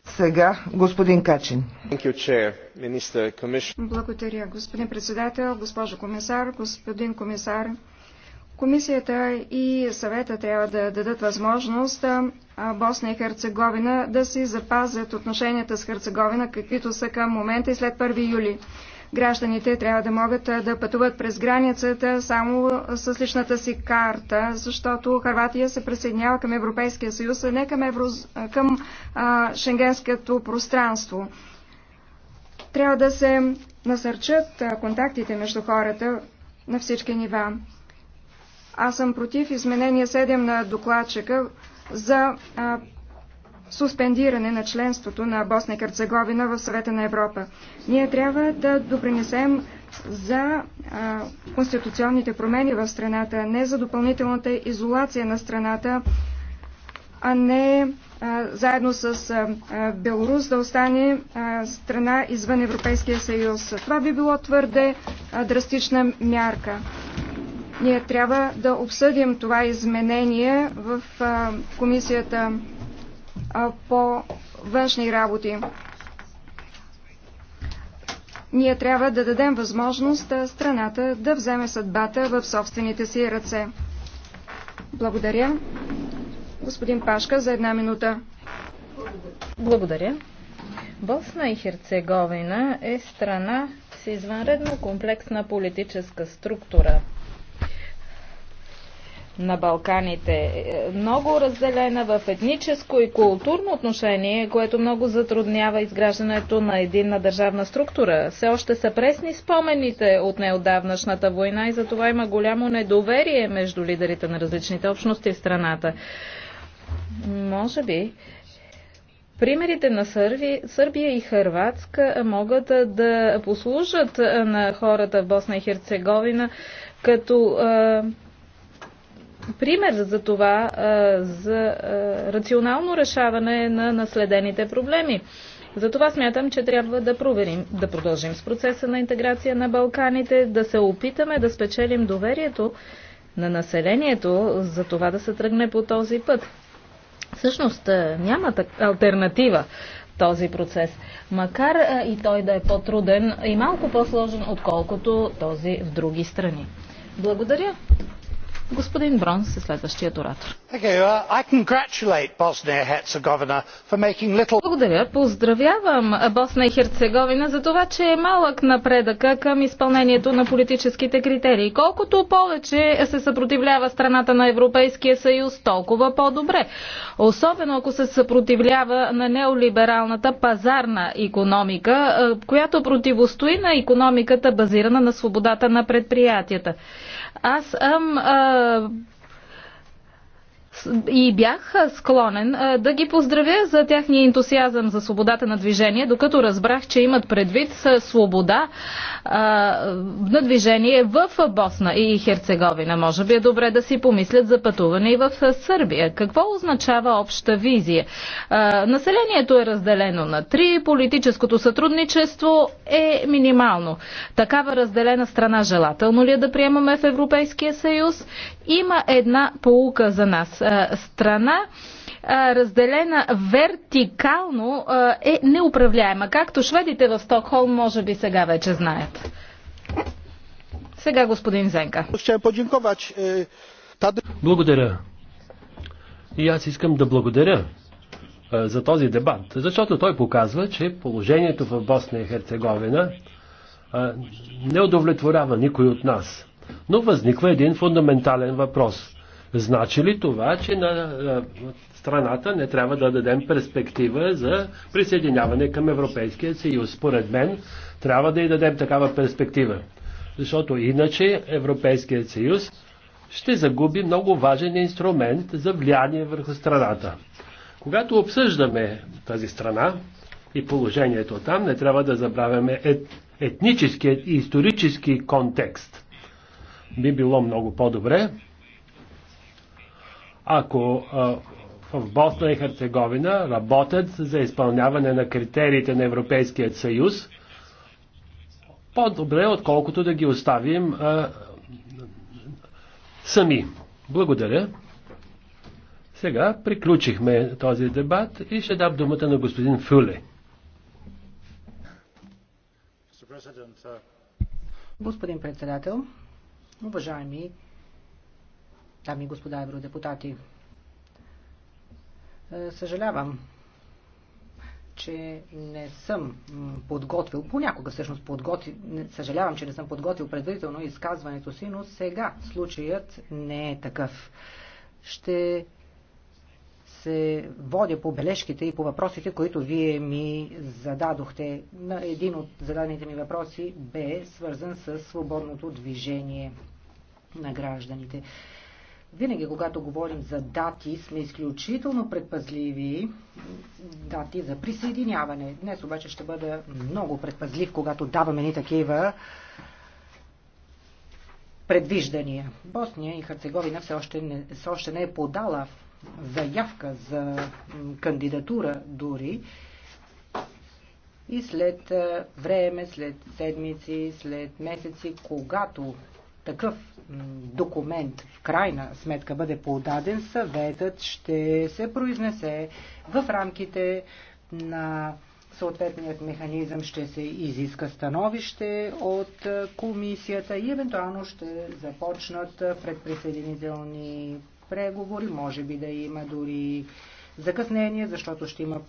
Сега господин Качин. Благодаря, господин председател, госпожо комисар, господин комисар. Комисията и съвета трябва да дадат възможност Босна и Херцеговина да си запазят отношенията с Херцеговина, каквито са към момента и след 1 юли. Гражданите трябва да могат да пътуват през границата само с личната си карта, защото Харватия се присъединява към Европейския съюз, а не към, евро... към а, шенгенското пространство. Трябва да се насърчат контактите между хората на всички нива. Аз съм против изменение 7 на докладчика за а, суспендиране на членството на Босна и Карцеговина в Съвета на Европа. Ние трябва да допринесем за а, конституционните промени в страната, не за допълнителната изолация на страната, а не а, заедно с а, Беларус да остане а, страна извън Европейския съюз. Това би било твърде а, драстична мярка. Ние трябва да обсъдим това изменение в комисията по външни работи. Ние трябва да дадем възможност страната да вземе съдбата в собствените си ръце. Благодаря. Господин Пашка за една минута. Благодаря. Босна и Херцеговина е страна с извънредно комплексна политическа структура, на Балканите. Е, много разделена в етническо и културно отношение, което много затруднява изграждането на единна държавна структура. Все още са пресни спомените от неодавнашната война и затова има голямо недоверие между лидерите на различните общности в страната. Може би Примерите на Сърби, Сърбия и Хърватска могат да послужат на хората в Босна и Херцеговина като пример за това, за рационално решаване на наследените проблеми. Затова смятам, че трябва да проверим, да продължим с процеса на интеграция на Балканите, да се опитаме да спечелим доверието на населението за това да се тръгне по този път. Всъщност няма так- альтернатива този процес, макар и той да е по-труден и малко по-сложен, отколкото този в други страни. Благодаря. Господин Бронс се следващият оратор. Uh, Благодаря. Поздравявам Босна и Херцеговина за това, че е малък напредъка към изпълнението на политическите критерии. Колкото повече се съпротивлява страната на Европейския съюз, толкова по-добре. Особено ако се съпротивлява на неолибералната пазарна економика, е, която противостои на економиката базирана на свободата на предприятията. Аз съм а, и бях склонен да ги поздравя за тяхния ентусиазъм за свободата на движение, докато разбрах, че имат предвид свобода на движение в Босна и Херцеговина. Може би е добре да си помислят за пътуване и в Сърбия. Какво означава обща визия? Населението е разделено на три, политическото сътрудничество е минимално. Такава разделена страна желателно ли е да приемаме в Европейския съюз? Има една полука за нас страна, разделена вертикално, е неуправляема, както шведите в Стокхолм може би сега вече знаят. Сега господин Зенка. E, благодаря. И аз искам да благодаря е, за този дебат, защото той показва, че положението в Босна и Херцеговина е, не удовлетворява никой от нас. Но възниква един фундаментален въпрос. Значи ли това, че на страната не трябва да дадем перспектива за присъединяване към Европейския съюз? Според мен трябва да й дадем такава перспектива. Защото иначе Европейският съюз ще загуби много важен инструмент за влияние върху страната. Когато обсъждаме тази страна и положението там, не трябва да забравяме ет, етническият и исторически контекст. Би било много по-добре ако в Босна и Херцеговина работят за изпълняване на критериите на Европейският съюз, по-добре, отколкото да ги оставим а, сами. Благодаря. Сега приключихме този дебат и ще дам думата на господин Фюле. Господин председател, уважаеми дами и господа евродепутати. Е, съжалявам, че не съм подготвил, понякога всъщност подготвил, съжалявам, че не съм подготвил предварително изказването си, но сега случаят не е такъв. Ще се водя по бележките и по въпросите, които вие ми зададохте. На един от зададените ми въпроси бе свързан с свободното движение на гражданите. Винаги, когато говорим за дати, сме изключително предпазливи дати за присъединяване. Днес обаче ще бъда много предпазлив, когато даваме ни такива предвиждания. Босния и Херцеговина все още не, все още не е подала заявка за кандидатура дори. И след време, след седмици, след месеци, когато такъв документ в крайна сметка бъде подаден, съветът ще се произнесе в рамките на съответният механизъм ще се изиска становище от комисията и евентуално ще започнат предприсъединителни преговори, може би да има дори закъснение, защото ще има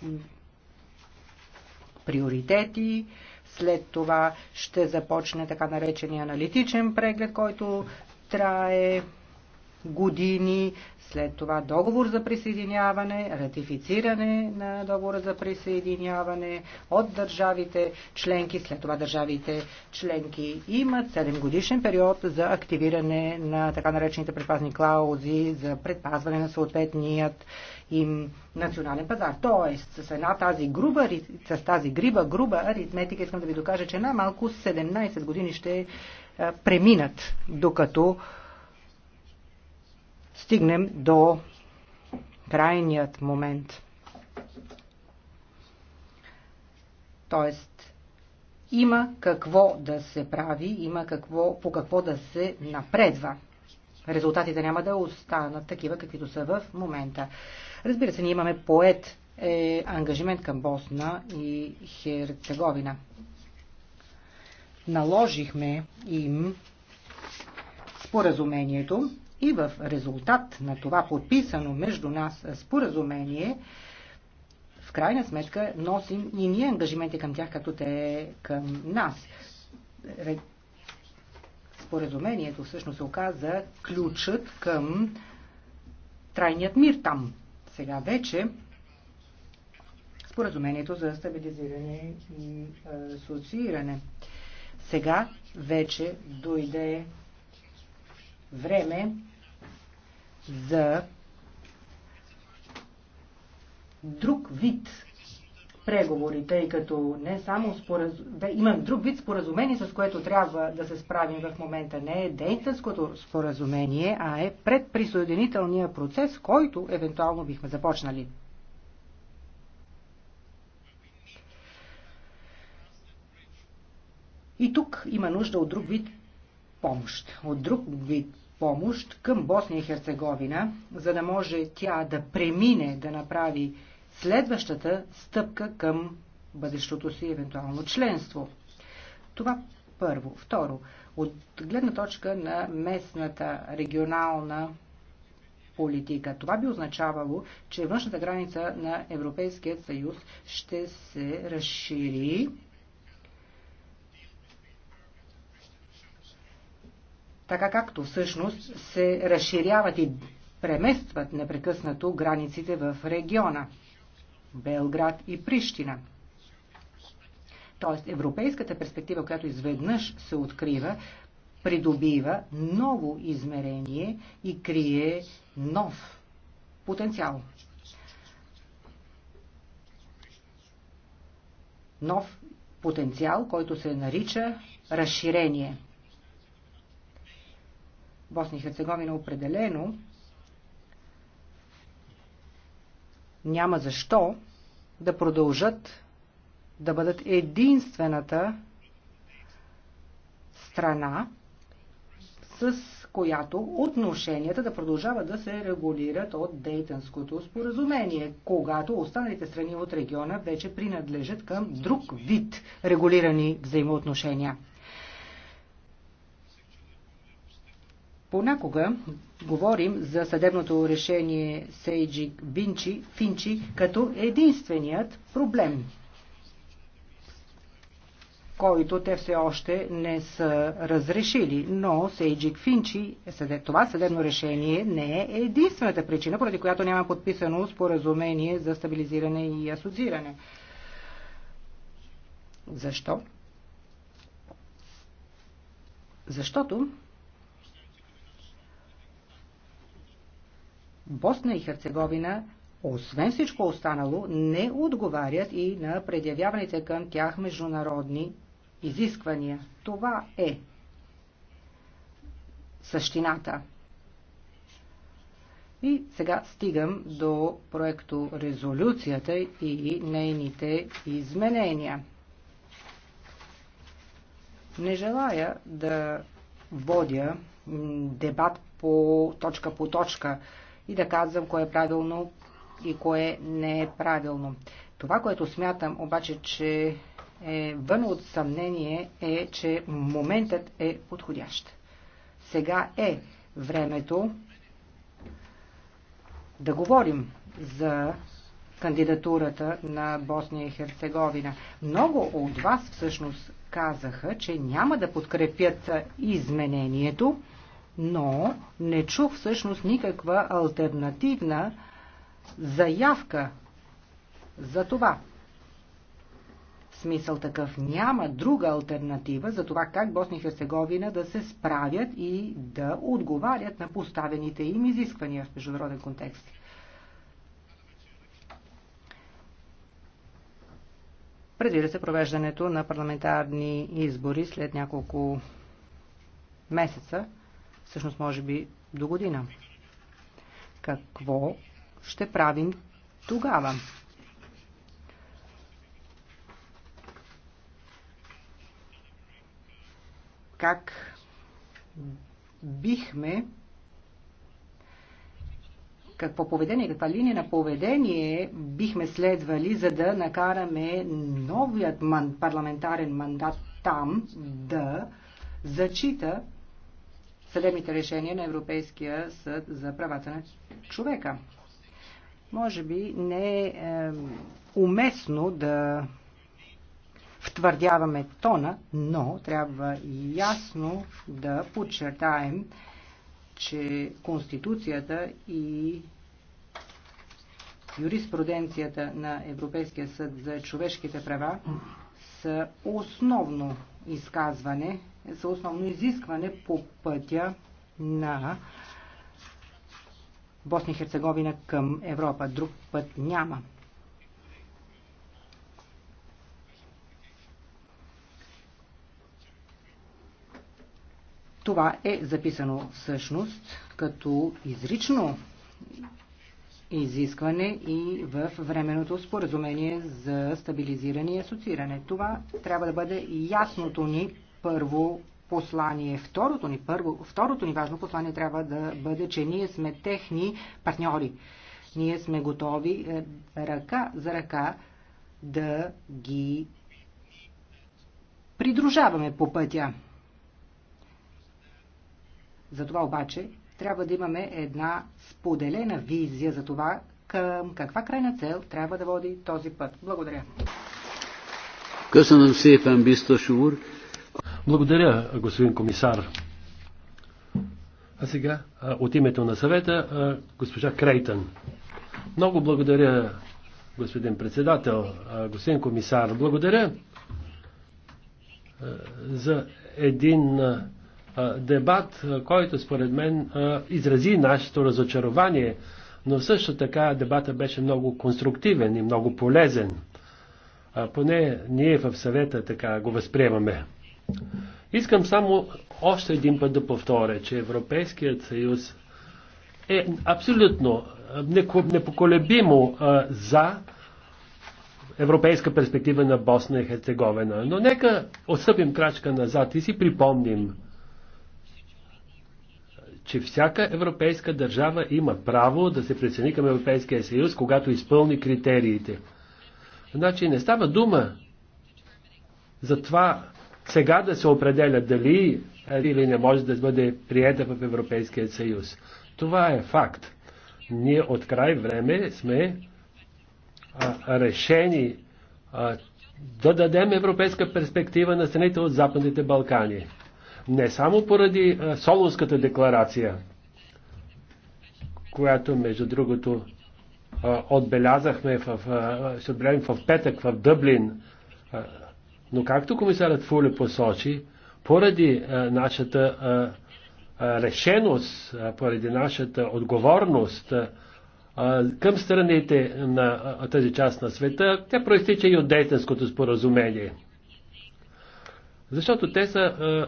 приоритети, след това ще започне така наречения аналитичен преглед, който трае години, след това договор за присъединяване, ратифициране на договора за присъединяване от държавите членки, след това държавите членки имат 7 годишен период за активиране на така наречените предпазни клаузи за предпазване на съответният им национален пазар. Тоест, с една тази груба, с тази гриба, груба аритметика искам да ви докажа, че най-малко 17 години ще преминат, докато стигнем до крайният момент. Тоест, има какво да се прави, има какво, по какво да се напредва. Резултатите няма да останат такива, каквито са в момента. Разбира се, ние имаме поет е, ангажимент към Босна и Херцеговина. Наложихме им споразумението, и в резултат на това подписано между нас споразумение, в крайна сметка носим и ние ангажименти към тях, като те към нас. Споразумението всъщност се оказа ключът към трайният мир там. Сега вече споразумението за стабилизиране и асоцииране. Сега вече дойде време за друг вид преговори, тъй като не само спораз... имам друг вид споразумение, с което трябва да се справим в момента. Не е дейтърското споразумение, а е предприсъединителния процес, който евентуално бихме започнали. И тук има нужда от друг вид помощ, от друг вид помощ към Босния и Херцеговина, за да може тя да премине да направи следващата стъпка към бъдещото си евентуално членство. Това първо. Второ, от гледна точка на местната регионална политика. Това би означавало, че външната граница на Европейския съюз ще се разшири така както всъщност се разширяват и преместват непрекъснато границите в региона Белград и Прищина. Тоест европейската перспектива, която изведнъж се открива, придобива ново измерение и крие нов потенциал. Нов потенциал, който се нарича разширение – Босния и Херцеговина определено няма защо да продължат да бъдат единствената страна, с която отношенията да продължават да се регулират от Дейтънското споразумение, когато останалите страни от региона вече принадлежат към друг вид регулирани взаимоотношения. Понякога говорим за съдебното решение Сейджи Винчи, Финчи като единственият проблем, който те все още не са разрешили. Но Сейджик Финчи, това съдебно решение не е единствената причина, поради която няма подписано споразумение за стабилизиране и асоцииране. Защо? Защото Босна и Херцеговина, освен всичко останало, не отговарят и на предявяваните към тях международни изисквания. Това е същината. И сега стигам до проекто резолюцията и нейните изменения. Не желая да водя дебат по точка по точка и да казвам кое е правилно и кое не е правилно. Това, което смятам обаче, че е вън от съмнение е, че моментът е подходящ. Сега е времето да говорим за кандидатурата на Босния и Херцеговина. Много от вас всъщност казаха, че няма да подкрепят изменението, но не чух всъщност никаква альтернативна заявка за това. Смисъл такъв няма друга альтернатива за това как Босни и Херцеговина да се справят и да отговарят на поставените им изисквания в международен контекст. Предвижда се провеждането на парламентарни избори след няколко месеца всъщност може би до година. Какво ще правим тогава? Как бихме какво поведение, каква линия на поведение бихме следвали, за да накараме новият ман, парламентарен мандат там да зачита съдебните решения на Европейския съд за правата на човека. Може би не е уместно да втвърдяваме тона, но трябва ясно да подчертаем, че Конституцията и юриспруденцията на Европейския съд за човешките права са основно изказване са основно изискване по пътя на Босния и Херцеговина към Европа. Друг път няма. Това е записано всъщност като изрично изискване и в временното споразумение за стабилизиране и асоцииране. Това трябва да бъде ясното ни първо послание. Второто ни, първо, второто ни важно послание трябва да бъде, че ние сме техни партньори. Ние сме готови е, ръка за ръка да ги придружаваме по пътя. Затова обаче трябва да имаме една споделена визия за това към каква крайна цел трябва да води този път. Благодаря. Köszönöm szépen, biztos благодаря, господин комисар. А сега, от името на съвета, госпожа Крейтън. Много благодаря, господин председател, господин комисар. Благодаря за един дебат, който според мен изрази нашето разочарование, но също така дебата беше много конструктивен и много полезен. Поне ние в съвета така го възприемаме. Искам само още един път да повторя, че Европейският съюз е абсолютно непоколебимо за европейска перспектива на Босна и Херцеговина. Но нека отстъпим крачка назад и си припомним, че всяка европейска държава има право да се присъедини към Европейския съюз, когато изпълни критериите. Значи не става дума за това сега да се определя дали е, или не може да бъде приета в Европейския съюз. Това е факт. Ние от край време сме а, решени а, да дадем европейска перспектива на страните от Западните Балкани. Не само поради а, Солунската декларация, която между другото отбелязахме в, ще отбелязахме в петък в Дъблин, но както комисарът Фуле посочи, поради а, е, нашата а, е, а, е, решеност, а, поради нашата отговорност а, към страните на а, тази част на света, тя проистича и от Дейтенското споразумение. Защото те са а,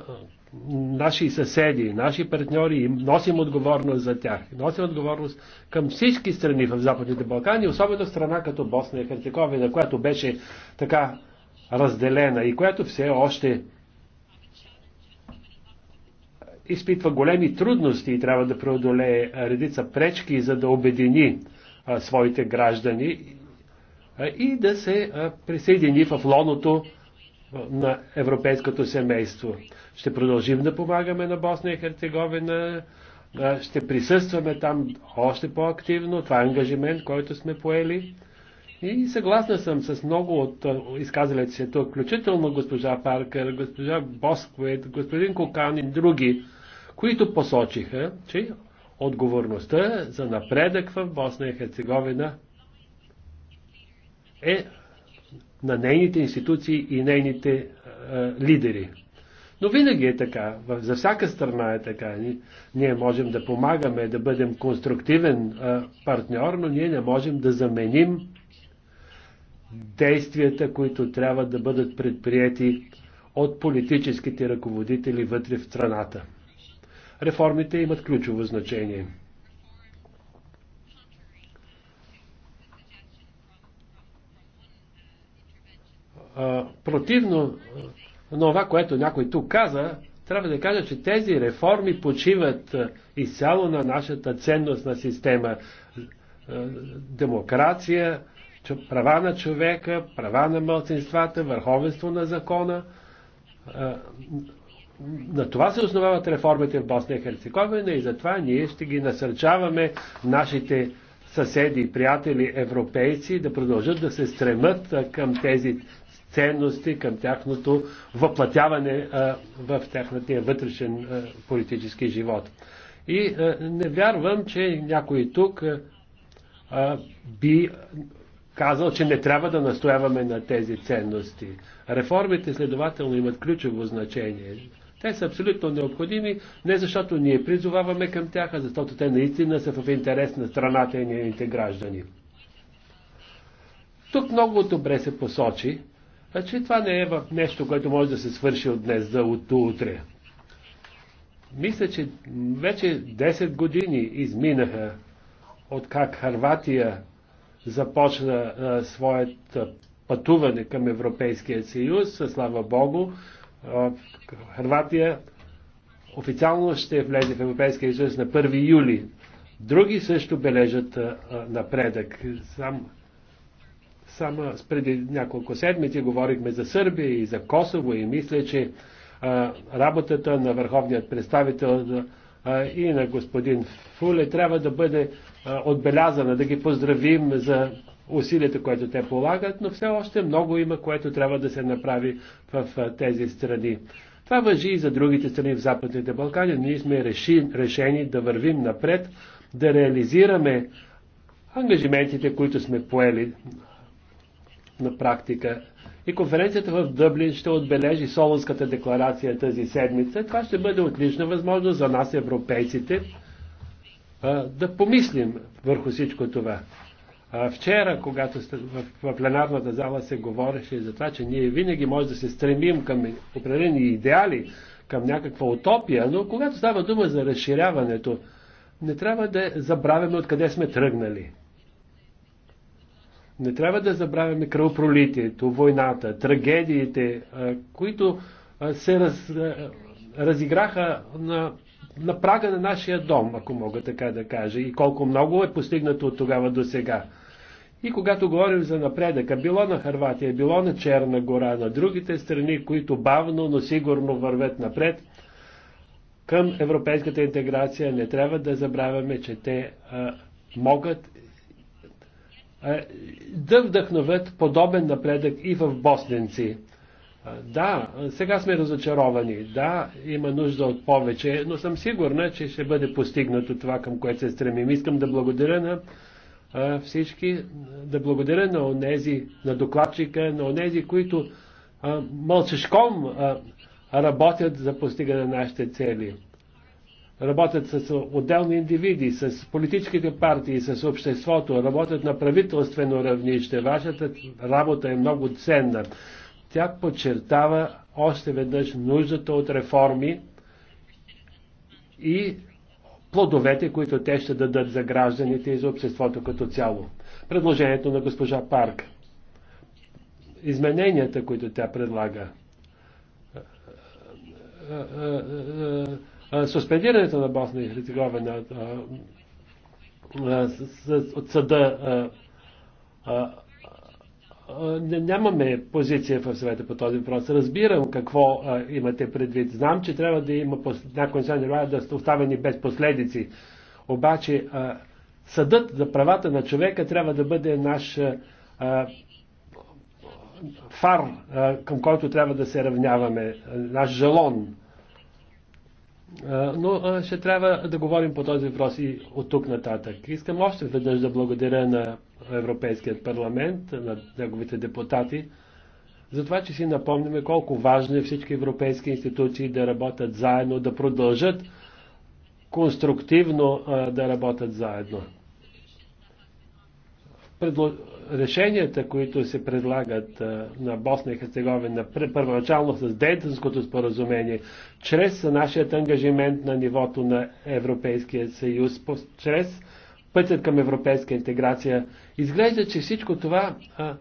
наши съседи, наши партньори и носим отговорност за тях. Носим отговорност към всички страни в Западните Балкани, особено страна като Босна и Херцеговина, която беше така разделена и която все още изпитва големи трудности и трябва да преодолее редица пречки, за да обедини своите граждани и да се присъедини в лоното на европейското семейство. Ще продължим да помагаме на Босна и Херцеговина, ще присъстваме там още по-активно. Това е ангажимент, който сме поели. И съгласна съм с много от изказалите се тук, включително госпожа Паркър, госпожа Босквет, господин Кокан и други, които посочиха, че отговорността за напредък в Босна и Херцеговина е на нейните институции и нейните е, лидери. Но винаги е така. За всяка страна е така. Ние можем да помагаме, да бъдем конструктивен партньор, но ние не можем да заменим действията, които трябва да бъдат предприяти от политическите ръководители вътре в страната. Реформите имат ключово значение. противно на това, което някой тук каза, трябва да кажа, че тези реформи почиват изцяло на нашата ценностна система. Демокрация, права на човека, права на мълцинствата, върховенство на закона. На това се основават реформите в Босния и Херцеговина и затова ние ще ги насърчаваме нашите съседи, приятели, европейци да продължат да се стремат към тези ценности, към тяхното въплатяване в техния вътрешен политически живот. И не вярвам, че някой тук би казал, че не трябва да настояваме на тези ценности. Реформите следователно имат ключово значение. Те са абсолютно необходими, не защото ние призоваваме към тях, а защото те наистина са в интерес на страната и нейните граждани. Тук много добре се посочи, а че това не е нещо, което може да се свърши от днес за утре. Мисля, че вече 10 години изминаха от как Харватия започна а, своят пътуване към Европейския съюз. Слава Богу, а, Хрватия официално ще влезе в Европейския съюз на 1 юли. Други също бележат а, напредък. Сам, само преди няколко седмици говорихме за Сърбия и за Косово и мисля, че а, работата на върховният представител а, и на господин Фуле трябва да бъде отбелязана, да ги поздравим за усилията, които те полагат, но все още много има, което трябва да се направи в тези страни. Това въжи и за другите страни в Западните Балкани. Ние сме реши, решени да вървим напред, да реализираме ангажиментите, които сме поели на практика. И конференцията в Дъблин ще отбележи Солонската декларация тази седмица. Това ще бъде отлична възможност за нас, европейците, да помислим върху всичко това. Вчера, когато в пленарната зала се говореше за това, че ние винаги може да се стремим към определени идеали, към някаква утопия, но когато става дума за разширяването, не трябва да забравяме откъде сме тръгнали. Не трябва да забравяме кръвопролитието, войната, трагедиите, които се раз, разиграха на на прага на нашия дом, ако мога така да кажа, и колко много е постигнато от тогава до сега. И когато говорим за напредъка, било на Харватия, било на Черна гора, на другите страни, които бавно, но сигурно вървят напред, към европейската интеграция не трябва да забравяме, че те а, могат а, да вдъхновят подобен напредък и в босненци. Да, сега сме разочаровани. Да, има нужда от повече, но съм сигурна, че ще бъде постигнато това, към което се стремим. Искам да благодаря на всички, да благодаря на онези, на докладчика, на онези, които мълчешком работят за постигане на нашите цели. Работят с отделни индивиди, с политическите партии, с обществото, работят на правителствено равнище. Вашата работа е много ценна. Тя подчертава още веднъж нуждата от реформи и плодовете, които те ще дадат за гражданите и за обществото като цяло. Предложението на госпожа Парк, измененията, които тя предлага, суспендирането на Босна и Херцеговина от съда нямаме позиция в съвета по този въпрос. Разбирам какво а, имате предвид. Знам, че трябва да има пос... някои неща да са оставени без последици. Обаче а, съдът за правата на човека трябва да бъде наш а, фар, а, към който трябва да се равняваме, наш жалон. Но ще трябва да говорим по този въпрос и от тук нататък. Искам още веднъж да благодаря на Европейският парламент, на неговите депутати, за това, че си напомняме колко важно е всички европейски институции да работят заедно, да продължат конструктивно да работят заедно предло... решенията, които се предлагат а, на Босна и Херцеговина, първоначално с Дейтонското споразумение, чрез нашият ангажимент на нивото на Европейския съюз, по... чрез пътят към европейска интеграция, изглежда, че всичко това а,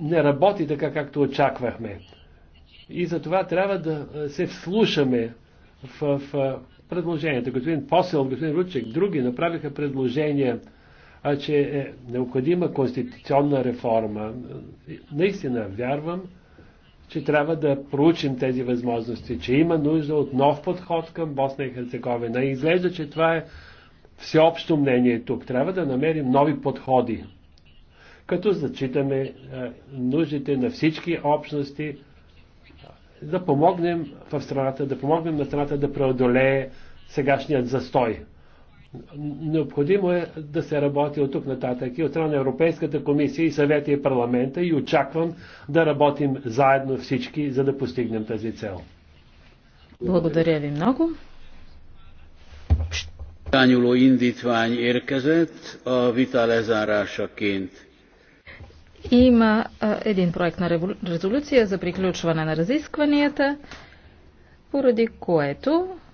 не работи така, както очаквахме. И за това трябва да се вслушаме в, в предложенията. Господин Посел, господин Ручек, други направиха предложения а че е необходима конституционна реформа. Наистина вярвам, че трябва да проучим тези възможности, че има нужда от нов подход към Босна и Херцеговина. И изглежда, че това е всеобщо мнение тук. Трябва да намерим нови подходи, като зачитаме е, нуждите на всички общности, да помогнем в страната, да помогнем на страната да преодолее сегашният застой. Необходимо е да се работи от тук нататък и от страна на Европейската комисия и съвета и парламента и очаквам да работим заедно всички, за да постигнем тази цел. Благодаря ви много. Има един проект на резолюция за приключване на разискванията, поради което